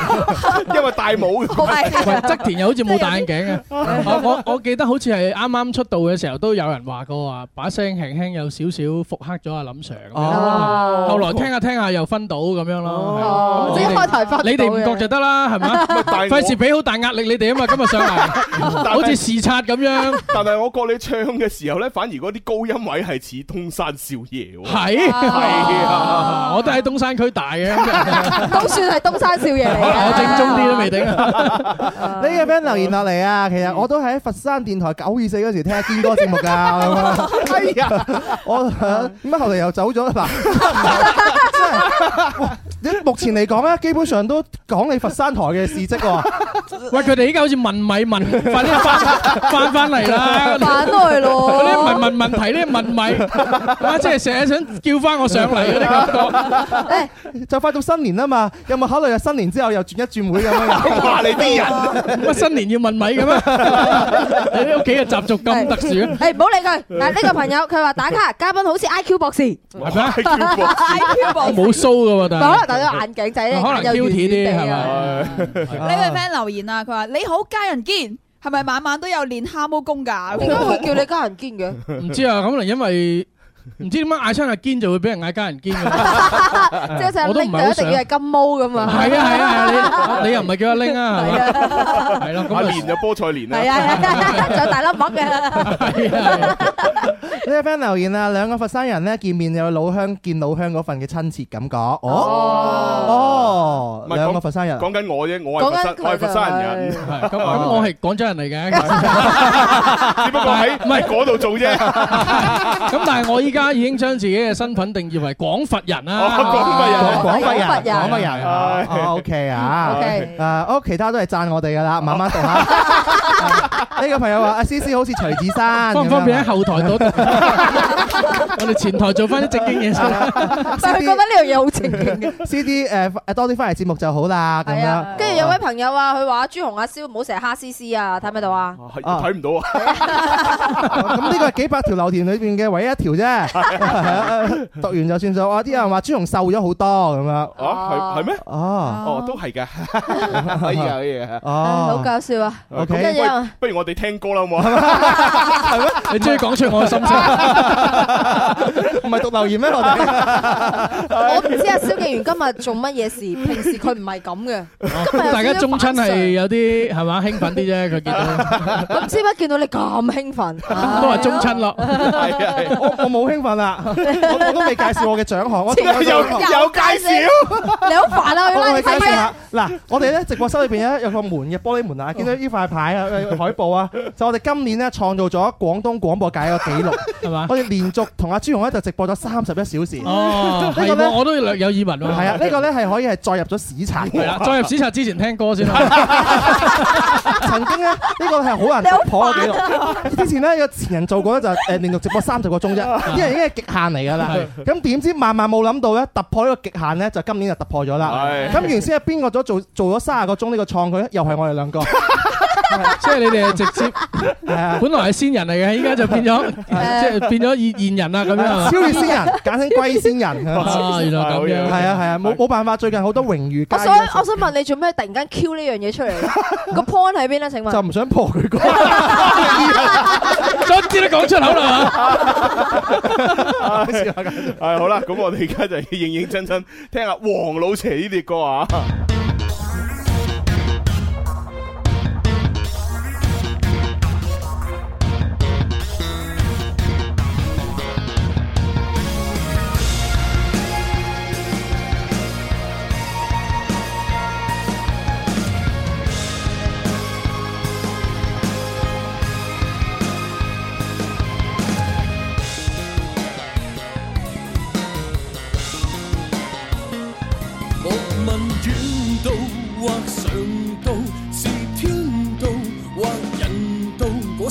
因為戴帽，喂，側田又好似冇戴眼鏡嘅。我我記得好似係啱啱出道嘅時候都有人話過話，把聲輕輕有少少復刻咗阿林 Sir 咁樣。後來聽下聽下又分到咁樣咯。開台你哋唔覺就得啦，係咪啊？費事俾好大壓力你哋啊嘛！今日上嚟好似視察咁樣。但係我覺你唱嘅時候咧，反而嗰啲高音位係似東山少爺喎。係，係是啊！ <music> 我都喺東山區大嘅、嗯， <laughs> 都算係東山少爺嚟嘅。嗯、 <laughs> 我正宗啲都未定。你有咩留言落嚟啊？其實我都喺佛山電台九二四嗰時聽堅哥節目噶、嗯。 <laughs> <laughs> 哎呀，我點解、啊、後嚟又走咗嗱。目前嚟講咧，基本上都講你佛山台嘅事跡。喂，佢哋依家好似問米問快啲翻翻翻翻嚟啦，翻來咯。啲問問問題，啲問米，哇，即係成日想叫翻我上嚟嘅感覺。誒，就快到新年啦嘛，有冇考慮新年之後又轉一轉會咁樣？話你啲人乜新年要問米嘅咩？你屋企嘅習俗咁特殊。誒，唔好理佢。誒，呢個朋友佢話打卡嘉賓好似 IQ 博士，係咪？IQ 博士。冇須噶喎， <laughs> 但係可能戴咗眼鏡仔咧， <laughs> 可能軟軟有啲啲係咪？呢位 friend 留言啊，佢話你好家人堅，係咪晚晚都有練蛤蟆功㗎？點解 <laughs> 會叫你家人堅嘅？唔 <laughs> 知啊，咁可能因為。唔知點解嗌親阿堅就會俾人嗌家人堅嘅，即係成日拎就一定要係金毛嘅嘛。係啊係啊，你你又唔係叫阿拎啊，係咯，阿蓮就菠菜蓮啦，係啊，仲大粒粒嘅。呢位 friend 留言啊，兩個佛山人咧，見面有老鄉見老鄉嗰份嘅親切感覺。哦哦，唔係兩個佛山人，講緊我啫，我係佛山，我係佛山人。咁我係廣州人嚟嘅，只不過喺唔係嗰度做啫。咁但係我依，而家已經將自己嘅身份定義為廣佛人啦，廣佛人，廣佛人，廣佛人。O K 啊，誒，我其他都係讚我哋噶啦，慢慢讀下。呢個朋友話：阿詩詩好似徐子珊，方唔方便喺後台度？我哋前台做翻啲正經嘢先，啦，但佢覺得呢樣嘢好正經 C D 誒誒多啲翻嚟節目就好啦，咁樣。跟住有位朋友話：佢話朱紅阿蕭唔好成日蝦絲絲啊，睇唔睇到啊？係睇唔到啊！咁呢個係幾百條留言裏邊嘅唯一一條啫。讀完就算數，哇！啲人話朱紅瘦咗好多咁樣。啊，係咩？啊，哦，都係嘅。可以啊，可以哦，好搞笑啊！咁不如不如我哋聽歌啦，好冇？係咩？你終於講出我嘅心情？唔係讀留言咩？我哋，我唔知阿蕭樺堅今日做乜嘢事？平時佢唔係咁嘅。今日大家中親，係有啲係嘛興奮啲啫。佢見到，知唔知見到你咁興奮？都係中親咯。係啊，我冇興奮啦。我都未介紹我嘅獎項。我有，有介紹。你好煩啊！我幫你介紹下嗱，我哋咧直播室裏邊咧有個門嘅玻璃門啊，見到呢塊牌啊、海報啊，就我哋今年咧創造咗廣東廣播界一個紀錄，係嘛？我哋連續同阿朱紅喺度直播咗三十一小時，哦、 <laughs> 個呢個我我都略有耳聞喎。啊，呢個、呢個咧係可以係載入咗史冊嘅。載入史冊之前聽歌先啦。 <laughs> <laughs> 曾經咧，呢、呢個係好難突破嘅紀錄。啊、之前咧，有前人做過咧，就係誒連續直播三十個鐘啫。因為 <laughs> 已經係極限嚟㗎啦。咁點是知萬萬冇諗到咧，突破呢個極限咧，就今年就突破咗啦。咁是原先係邊個咗做做咗卅個鐘呢個創舉咧？又係我哋兩個。 <laughs> 即係你哋係直接，本來係仙人嚟嘅，依家就變咗，即係變咗現現人啦咁樣。超越仙人，簡稱龜仙人。原來咁樣，係啊係啊，冇冇辦法。最近好多榮譽。我想我想問你做咩突然間 Q 呢樣嘢出嚟？個 point 喺邊咧？請問就唔想破佢歌，總之都講出口啦。係好啦，咁我哋而家就認認真真聽下黃老邪呢啲歌啊。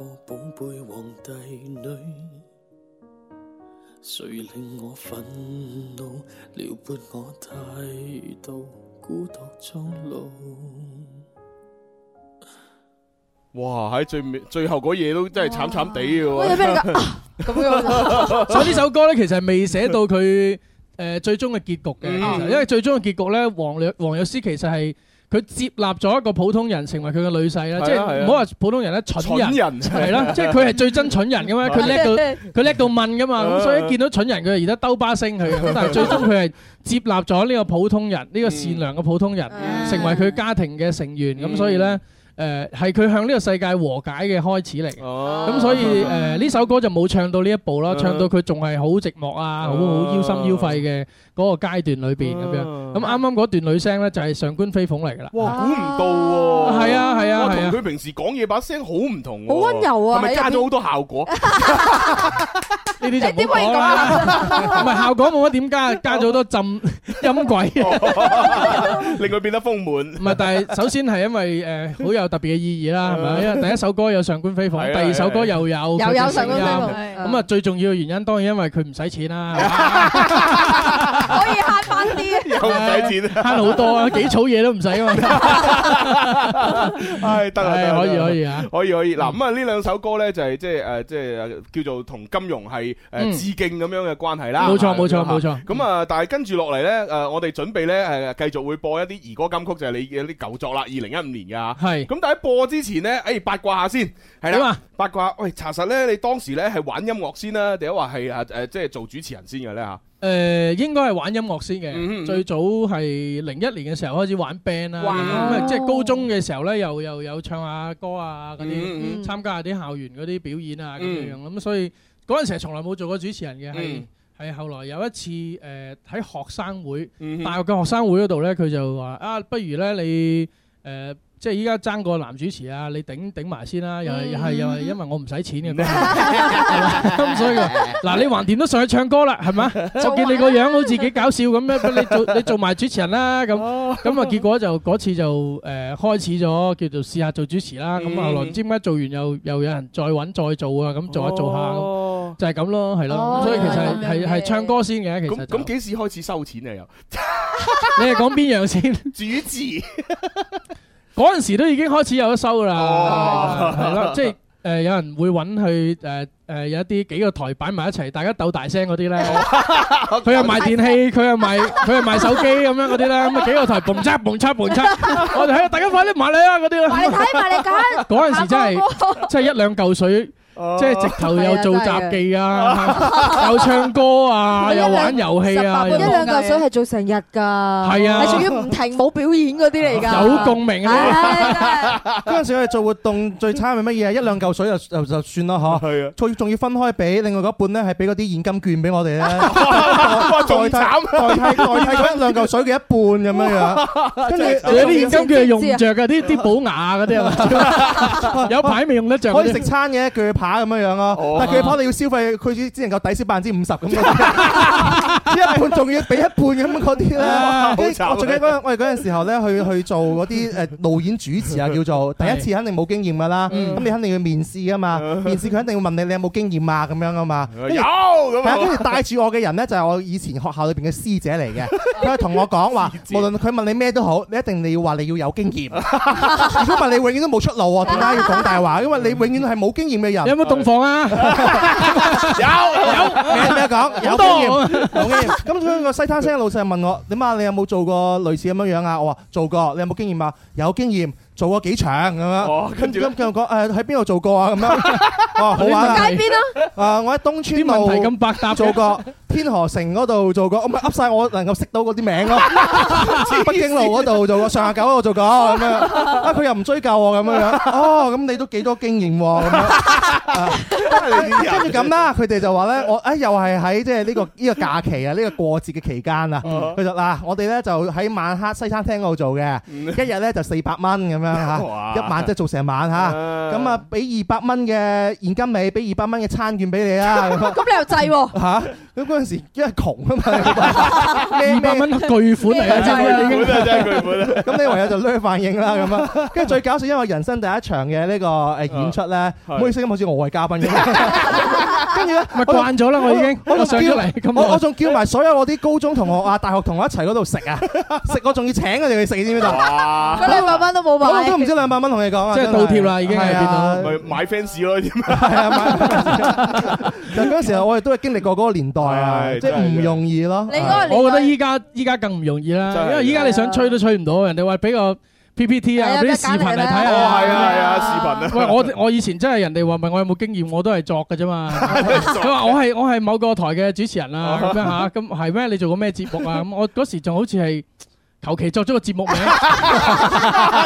個寶貝皇帝女，誰令我憤怒？撩撥我太度，孤獨終老。哇！喺最尾最後嗰嘢，都真係慘慘地嘅喎。嗰個咩嚟噶？所以呢首歌咧，其實係未寫到佢誒最終嘅結局嘅，因為最終嘅結局咧，黃藥黃藥師其實係。佢接納咗一個普通人成為佢嘅女婿咧，即係唔好話普通人咧，蠢人係啦，即係佢係最憎蠢人嘅咩？佢叻到佢叻到問㗎嘛，咁所以一見到蠢人佢而家兜巴星佢，但係最終佢係接納咗呢個普通人，呢個善良嘅普通人成為佢家庭嘅成員，咁所以咧。誒係佢向呢個世界和解嘅開始嚟，咁所以誒呢首歌就冇唱到呢一步啦，唱到佢仲係好寂寞啊，好好腰心腰肺嘅嗰個階段裏邊咁樣。咁啱啱嗰段女聲咧就係上官飛鳳嚟㗎啦。哇！估唔到喎，係啊係啊係啊！我同佢平時講嘢把聲好唔同，好温柔啊，係咪加咗好多效果？呢啲就冇乜啦，唔係效果冇乜，點加？加咗好多浸音軌，令佢變得豐滿。唔係，但係首先係因為誒好有。特別嘅意義啦，係咪？因為第一首歌有上官飛鳳，第二首歌又有又有上官飛鳳。咁啊，最重要嘅原因當然因為佢唔使錢啦，可以慳翻啲。又唔使錢，慳好多啊！幾草嘢都唔使啊！唉，得啦，可以可以可以可以。嗱咁啊，呢兩首歌咧就係即係誒，即係叫做同金融係誒致敬咁樣嘅關係啦。冇錯冇錯冇錯。咁啊，但係跟住落嚟咧，誒，我哋準備咧誒，繼續會播一啲兒歌金曲，就係你嘅啲舊作啦，二零一五年㗎。係。咁但係播之前呢，哎八卦下先，係啦，麼八卦。喂查實呢，你當時呢係玩音樂先啦、啊，定話係啊誒，即係做主持人先嘅咧吓？誒、呃，應該係玩音樂先嘅，嗯、哼最早係零一年嘅時候開始玩 band 啦，啊，即係哇高中嘅時候呢，又又有唱下歌啊嗰啲，參、嗯嗯、加下啲校園嗰啲表演啊咁、嗯、哼樣。咁所以嗰陣時係從來冇做過主持人嘅，係係、嗯、哼後來有一次誒喺、呃、學生會，大學嘅學生會嗰度呢，佢就話啊，不如呢，你、呃、誒。呃呃呃即係依家爭個男主持啊！你頂頂埋先啦，又係又係又係，因為我唔使錢嘅咁，所以嗱，你橫掂都上去唱歌啦，係嘛？我見你個樣好似幾搞笑咁樣，你做你做埋主持人啦咁，咁啊結果就嗰次就誒開始咗叫做試下做主持啦。咁後來尖一做完又又有人再揾再做啊，咁做下做下就係咁咯，係咯。所以其實係係唱歌先嘅，其實咁幾時開始收錢啊？又你係講邊樣先主持？嗰陣時都已經開始有得收啦，係咯、哦，即係誒、呃、有人會揾佢，誒、呃、誒、呃、有一啲幾個台擺埋一齊，大家鬥大聲嗰啲咧，佢又 <laughs> 賣電器，佢又賣佢又 <laughs> 賣，賣手機咁樣嗰啲咧，咁啊幾個台 boom 叉 boom 叉 boom 叉我哋喺度大家快啲買嚟啊嗰啲啦，睇埋嚟揀，嗰 <laughs> 時真係真係一兩嚿水。即係直頭又做雜技啊，又唱歌啊，又玩遊戲啊，一兩嚿水係做成日㗎，係啊，仲要唔停冇表演嗰啲嚟㗎。有共鳴啊！嗰陣時我哋做活動最差係乜嘢啊？一兩嚿水就就算啦，嗬。係啊，仲要分開俾另外嗰半咧，係俾嗰啲現金券俾我哋咧，代替代替代替嗰兩嚿水嘅一半咁樣樣。跟住有啲現金券係用唔着㗎，啲啲補牙嗰啲啊，有排未用得着，可以食餐嘅鋸扒。咁樣樣咯，哦啊、但係佢可能要消費，佢只能夠抵消百分之五十咁樣， <laughs> <laughs> 一半仲要俾一半咁嗰啲咧。 <laughs> 我仲記得我哋嗰陣時候咧去去做嗰啲誒路演主持啊，叫做第一次肯定冇經驗噶啦，咁、嗯、你肯定要面試啊嘛，嗯、面試佢肯定要問你你有冇經驗啊咁樣啊嘛。有咁跟住帶住我嘅人咧就係、是、我以前學校裏邊嘅師姐嚟嘅，佢同 <laughs> 我講話，無論佢問你咩都好，你一定你要話你要有經驗，如果唔係你永遠都冇出路喎。點解要講大話？因為你永遠係冇經驗嘅人。 <laughs> 乜洞房啊？有有咩講？有經驗，有經驗。咁、那、佢個西餐廳嘅老細問我：點啊？你有冇做過類似咁樣樣啊？我話做過，你有冇經驗啊？有經驗。做過幾場咁樣，跟住咁繼續講，誒喺邊度做過啊？咁樣，哦，好玩，喺街邊咯，誒我喺東川路咁百搭做過，天河城嗰度做過，咁啊噏曬我能夠識到嗰啲名咯，北京路嗰度做過，上下九嗰度做過，咁樣，啊佢又唔追究我咁樣，哦咁你都幾多經驗喎？咁樣，跟住咁啦，佢哋就話咧，我誒又係喺即係呢個呢個假期啊，呢個過節嘅期間啊，佢就嗱我哋咧就喺晚黑西餐廳嗰度做嘅，一日咧就四百蚊咁樣。啊！一晚即係做成晚嚇，咁啊俾二百蚊嘅現金你，俾二百蚊嘅餐券俾你啊！咁你又制喎？嚇！咁嗰陣時因為窮啊嘛，二百蚊巨款嚟嘅，真係巨款啊！真係巨款啊！咁你唯有就攞反應啦咁啊！跟住最搞笑，因為人生第一場嘅呢個誒演出咧，唔好意思，好似我係嘉賓咁。跟住咧，咪慣咗啦，我已經我仲叫嚟，我我仲叫埋所有我啲高中同學啊、大學同學一齊嗰度食啊，食我仲要請佢哋去食，知唔知道？咁你百蚊都冇埋。我都唔知兩百蚊同你講啊，即係倒貼啦，已經係變啦，咪買 fans 咯啲咩？係啊，嗰陣時候我哋都係經歷過嗰個年代啊，即係唔容易咯。你嗰個年代，我覺得依家依家更唔容易啦，因為依家你想吹都吹唔到，人哋話俾個 PPT 啊，俾啲視頻嚟睇下，係啊，係啊，視頻啊。喂，我我以前真係人哋話問我有冇經驗，我都係作㗎啫嘛。佢話我係我係某個台嘅主持人啦，咁樣嚇咁係咩？你做過咩節目啊？咁我嗰時仲好似係。求其作咗個節目名，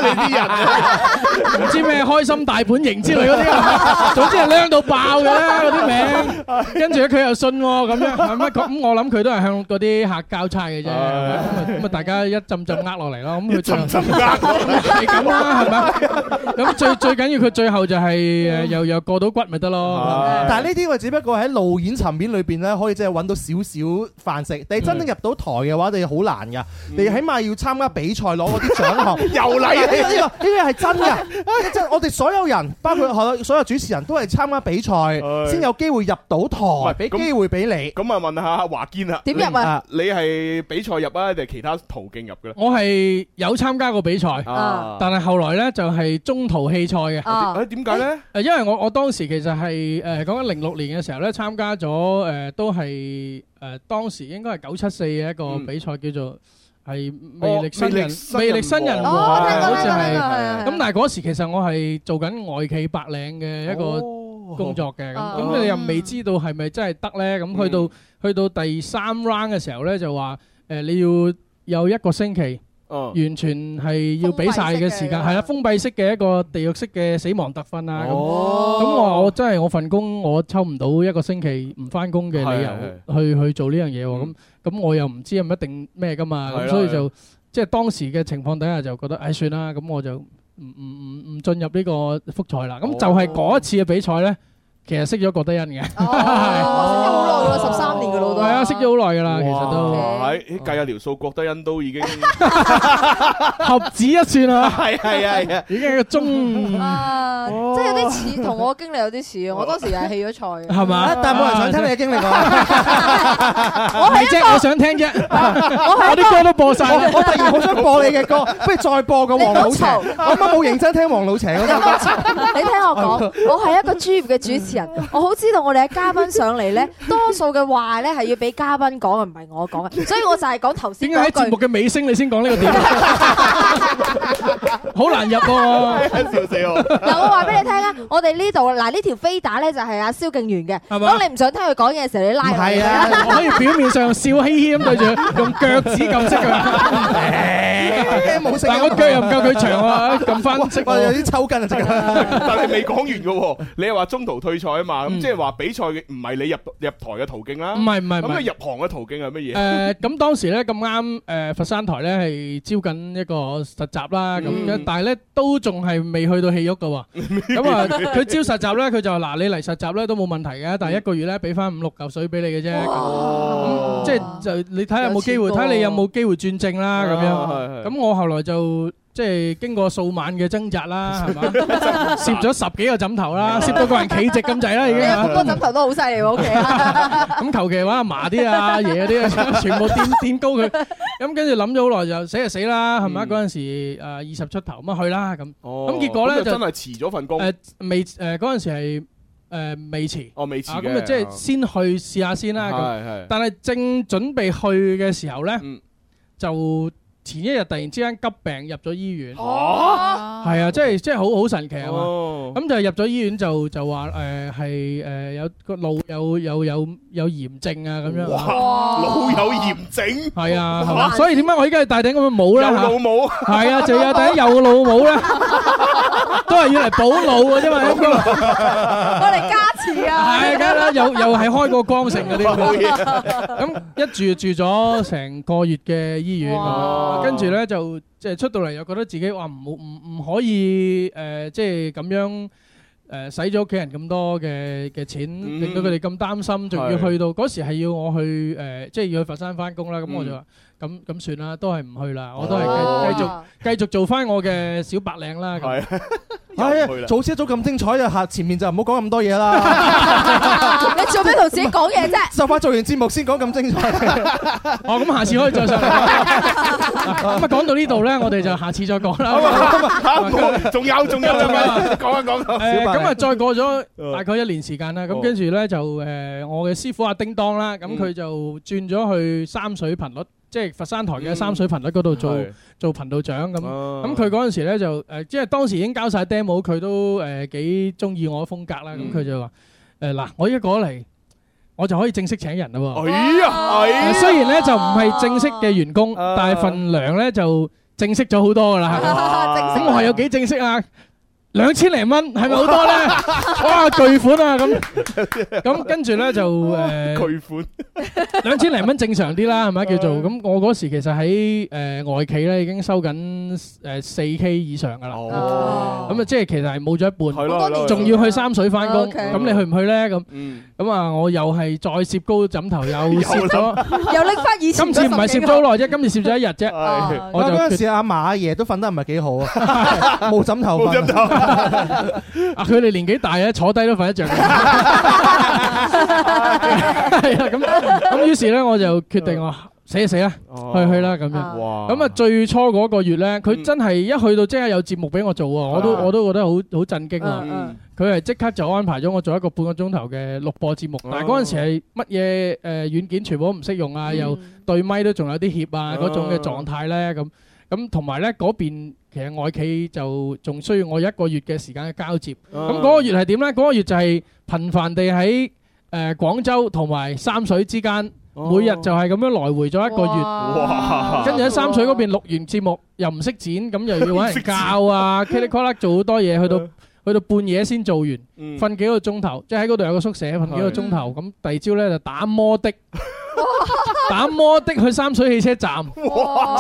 你啲人唔知咩開心大本營之類嗰啲，總之係靚到爆嘅啦嗰啲名，跟住佢又信喎咁樣，咁我諗佢都係向嗰啲客交差嘅啫，咁啊大家一浸浸呃落嚟咯，咁佢層層呃落嚟係咁啦，係咪啊？咁、嗯、最最緊要佢最後就係誒又又過到骨咪得咯，但係呢啲我只不過喺路演層面裏邊咧，真 or, pues、真可以即係揾到少少飯食，但係真正入到台嘅話，你好難噶，你起碼。要參加比賽攞嗰啲獎項，又嚟，呢個呢個係真㗎。真係我哋所有人，包括所有主持人都係參加比賽，先有機會入到台，俾機會俾你。咁啊，問下樺堅啦，點樣入啊？你係比賽入啊，定係其他途徑入嘅咧？我係有參加過比賽，但係後來咧就係中途棄賽嘅。誒點解咧？誒因為我我當時其實係誒講緊零六年嘅時候咧，參加咗誒都係誒當時應該係九七四嘅一個比賽叫做係魅力新人，魅力新人喎，好似係。咁但係嗰時其實我係做緊外企白領嘅一個工作嘅，咁咁你又未知道係咪真係得咧？咁去到去到第三 round 嘅時候咧，就話誒你要有一個星期，完全係要俾曬嘅時間，係啦，封閉式嘅一個地獄式嘅死亡特訓啊！咁咁我我真係我份工我抽唔到一個星期唔翻工嘅理由去去做呢樣嘢喎咁。咁、嗯、我又唔知係咪一定咩㗎嘛，咁、嗯、所以就即係、就是、當時嘅情況底下就覺得唉算啦，咁、嗯、我就唔唔唔唔進入呢個復賽啦。咁、oh. 嗯、就係、是、嗰一次嘅比賽呢，其實識咗郭德欣嘅。做咗十三年嘅老豆，係啊，識咗好耐噶啦，其實都係計下條數，郭德欣都已經合指一算啦，係係係，已經係個鐘啊，即係有啲似同我經歷有啲似啊，我當時又係棄咗賽嘅，係嘛？但係冇人想聽你嘅經歷啊，我係啫，我想聽啫，我啲歌都播晒，我突然好想播你嘅歌，不如再播個黃老邪，我乜冇認真聽黃老邪嗰啲，你聽我講，我係一個專業嘅主持人，我好知道我哋嘅嘉賓上嚟咧多數嘅話咧，係要俾嘉賓講嘅，唔係我講嘅，所以我就係講頭先。點解喺節目嘅尾聲你先講呢個點？好難入喎！笑死我！嗱，我話俾你聽啦，我哋呢度嗱呢條飛打咧就係阿蕭敬源嘅。當你唔想聽佢講嘢嘅時候，你拉佢。係啊，我可以表面上笑嘻嘻咁對住，用腳趾撳熄嘅。誒，冇聲。嗱，我腳又唔夠佢長啊，撳翻。我有啲抽筋啊，真係。但係未講完嘅，你又話中途退賽啊嘛？咁即係話比賽唔係你入入台嘅。途徑啦，唔係唔係唔係，入行嘅途徑係乜嘢？誒，咁當時咧咁啱，誒，佛山台咧係招緊一個實習啦，咁但係咧都仲係未去到戲屋噶咁啊，佢招實習咧，佢就話嗱，你嚟實習咧都冇問題嘅，但係一個月咧俾翻五六嚿水俾你嘅啫，咁即係就你睇下有冇機會，睇下你有冇機會轉正啦，咁樣，咁我後來就。即係經過數晚嘅掙扎啦，攝咗十幾個枕頭啦，攝到個人企直咁滯啦，已經。多枕頭都好犀利喎，屋企。咁求其揾阿嫲啲啊、阿爺嗰啲啊，全部掂墊高佢。咁跟住諗咗好耐，就死就死啦，係咪啊？嗰陣時二十出頭，咁啊去啦咁。咁結果咧就真係辭咗份工。誒未誒嗰陣時係未辭。哦，未辭咁啊即係先去試下先啦。係但係正準備去嘅時候咧，就。前一日突然之間急病入咗醫院，哦，係啊，即係即係好好神奇啊！咁就係入咗醫院就就話誒係誒有個腦有又有有炎症啊咁樣，腦有炎症係啊，係嘛？所以點解我而家係大頂咁樣冇咧？有老母係啊，就係第一有老母咧，都係要嚟補腦嘅啫嘛，我嚟加持啊！係啊，梗係又又係開過光剩嗰啲，咁一住住咗成個月嘅醫院。跟住呢就即係出到嚟，又覺得自己話唔好唔唔可以誒即係咁樣誒使咗屋企人咁多嘅嘅錢，令到佢哋咁擔心，仲要去到嗰時係要我去誒即係要去佛山翻工啦。咁我就話咁咁算啦，都係唔去啦，我都係繼繼續繼續做翻我嘅小白領啦。咁。係，早先一早咁精彩就，前面就唔好講咁多嘢啦。你做咩同自己講嘢啫？就怕做完節目先講咁精彩。哦，咁下次可以再上嚟。咁啊，講到呢度咧，我哋就下次再講啦。嚇，仲有仲有講一講。咁啊，再過咗大概一年時間啦，咁跟住咧就誒，我嘅師傅阿叮當啦，咁佢就轉咗去三水頻率。即係佛山台嘅三水頻道嗰度做、嗯、做頻道長咁，咁佢嗰陣時咧就誒、呃，即係當時已經交晒 demo，佢都誒幾中意我風格、嗯呃、啦，咁佢就話誒嗱，我依家過嚟，我就可以正式請人啦喎。哎呀，哎呀雖然咧就唔係正式嘅員工，啊、但係份糧咧就正式咗好多㗎啦。正我係有幾正式啊？兩千零蚊係咪好多咧？哇，巨款啊！咁咁跟住咧就誒巨款，兩千零蚊正常啲啦，係咪叫做咁？我嗰時其實喺誒外企咧已經收緊誒四 K 以上噶啦，咁啊即係其實係冇咗一半，仲要去三水翻工，咁你去唔去咧？咁咁啊，我又係再攝高枕頭，又攝咗，又拎翻以前。今次唔係攝咗好耐啫，今次攝咗一日啫。我就試下阿嫲阿爺都瞓得唔係幾好啊，冇枕頭瞓。啊！佢哋年紀大咧，坐低都瞓得着。係 <laughs> 啊、 <laughs> 嗯，咁咁，於是咧，我就決定啊，死就死啦，啊、去去啦，咁樣。哇！咁啊，啊、最初嗰個月咧，佢真係一去到即刻有節目俾我做啊，我都、啊、我都覺得好好震驚啊。佢係即刻就安排咗我做一個半個鐘頭嘅錄播節目。但係嗰陣時係乜嘢誒軟件全部唔識用啊，又對咪都仲有啲怯啊嗰種嘅狀態咧，咁咁同埋咧嗰邊。其實外企就仲需要我一個月嘅時間嘅交接，咁嗰個月係點呢？嗰個月就係頻繁地喺誒廣州同埋三水之間，每日就係咁樣來回咗一個月。哇！跟住喺三水嗰邊錄完節目又唔識剪，咁又要揾人教啊，kakakala 做好多嘢，去到去到半夜先做完，瞓幾個鐘頭，即係喺嗰度有個宿舍瞓幾個鐘頭。咁第二朝呢就打摩的。打摩的去三水汽車站，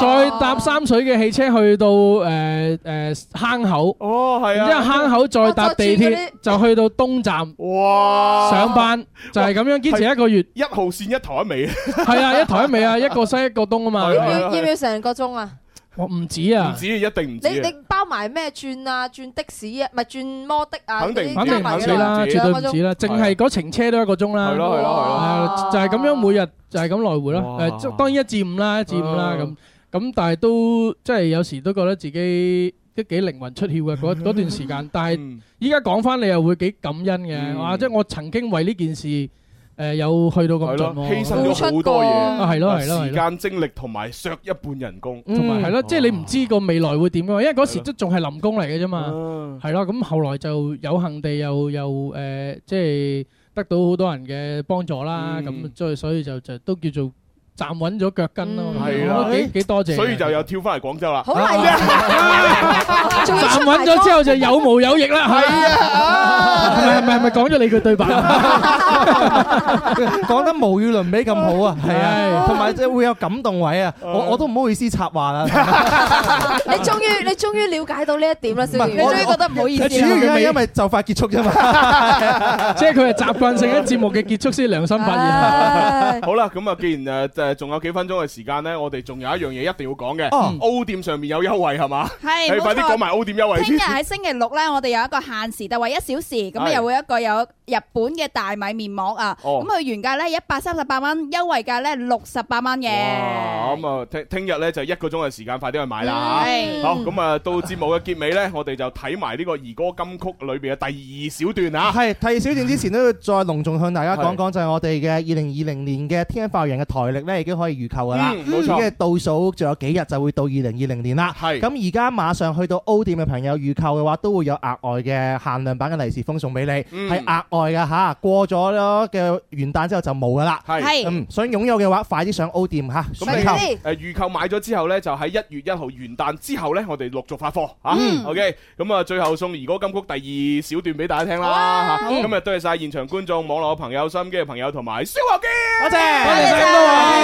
再搭三水嘅汽車去到誒誒坑口，哦係啊，之後坑口再搭地鐵就去到東站，哇上班就係咁樣堅持一個月，一號線一頭一尾，係啊一頭一尾啊，一個西一個東啊嘛，要唔要成個鐘啊？我唔止啊，唔止，一定唔止啊！你你包埋咩轉啊？轉的士啊，唔係轉摩的啊？肯定肯定肯定啦，絕對唔止啦！淨係嗰程車都一個鐘啦，係咯係咯係咯，就係咁樣每日就係咁來回咯。誒，當然一至五啦，一至五啦咁咁，但係都即係有時都覺得自己都幾靈魂出竅嘅嗰段時間。但係依家講翻，你又會幾感恩嘅，哇！即係我曾經為呢件事。誒，有去到咁多，犧牲咗好多嘢，係咯係咯，時間精力同埋削一半人工，嗯，係咯，即係你唔知個未來會點㗎嘛？因為嗰時都仲係臨工嚟嘅啫嘛，係咯，咁後來就有幸地又又誒，即係得到好多人嘅幫助啦，咁再所以就就都叫做。站穩咗腳跟咯，幾多謝，所以就又跳翻嚟廣州啦。站穩咗之後就有毛有翼啦，係啊，咪咪咪講咗你句對白，講得無與倫比咁好啊，係啊，同埋即係會有感動位啊，我我都唔好意思插話啊。你終於你終於瞭解到呢一點啦，小欣，你終於覺得唔好意思。主要係因為就快結束啫嘛，即係佢係習慣性喺節目嘅結束先良心發現。好啦，咁啊，既然誒。誒，仲有幾分鐘嘅時間呢？我哋仲有一樣嘢一定要講嘅。O 店上面有優惠係嘛？係，快啲講埋 O 店優惠先。聽日喺星期六呢，我哋有一個限時，就話一小時，咁啊又會一個有日本嘅大米面膜啊。咁佢原價呢，一百三十八蚊，優惠價呢，六十八蚊嘅。咁啊，聽聽日呢，就一個鐘嘅時間，快啲去買啦吓。好，咁啊到節目嘅結尾呢，我哋就睇埋呢個兒歌金曲裏邊嘅第二小段啊。係，第二小段之前都要再隆重向大家講講，就係我哋嘅二零二零年嘅天生快活人嘅台曆咧。已經可以預購噶啦，冇錯，即係倒數仲有幾日就會到二零二零年啦。係咁而家馬上去到 O 店嘅朋友預購嘅話，都會有額外嘅限量版嘅利是封送俾你，係額外嘅吓。過咗咗嘅元旦之後就冇噶啦。係，嗯，想擁有嘅話，快啲上 O 店吓。咁啊，預購買咗之後呢，就喺一月一號元旦之後呢，我哋陸續發貨吓。OK，咁啊，最後送《如果金曲》第二小段俾大家聽啦。今日多謝晒現場觀眾、網絡朋友、心機嘅朋友同埋收話機，多謝多謝。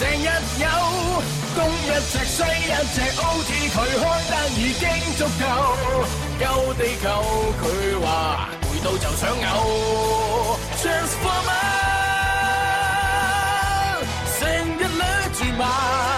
成日有，東一隻西一隻 O T，佢開單已經足夠。救地球，佢話攰到就想嘔。Transformer，成日隊巨馬。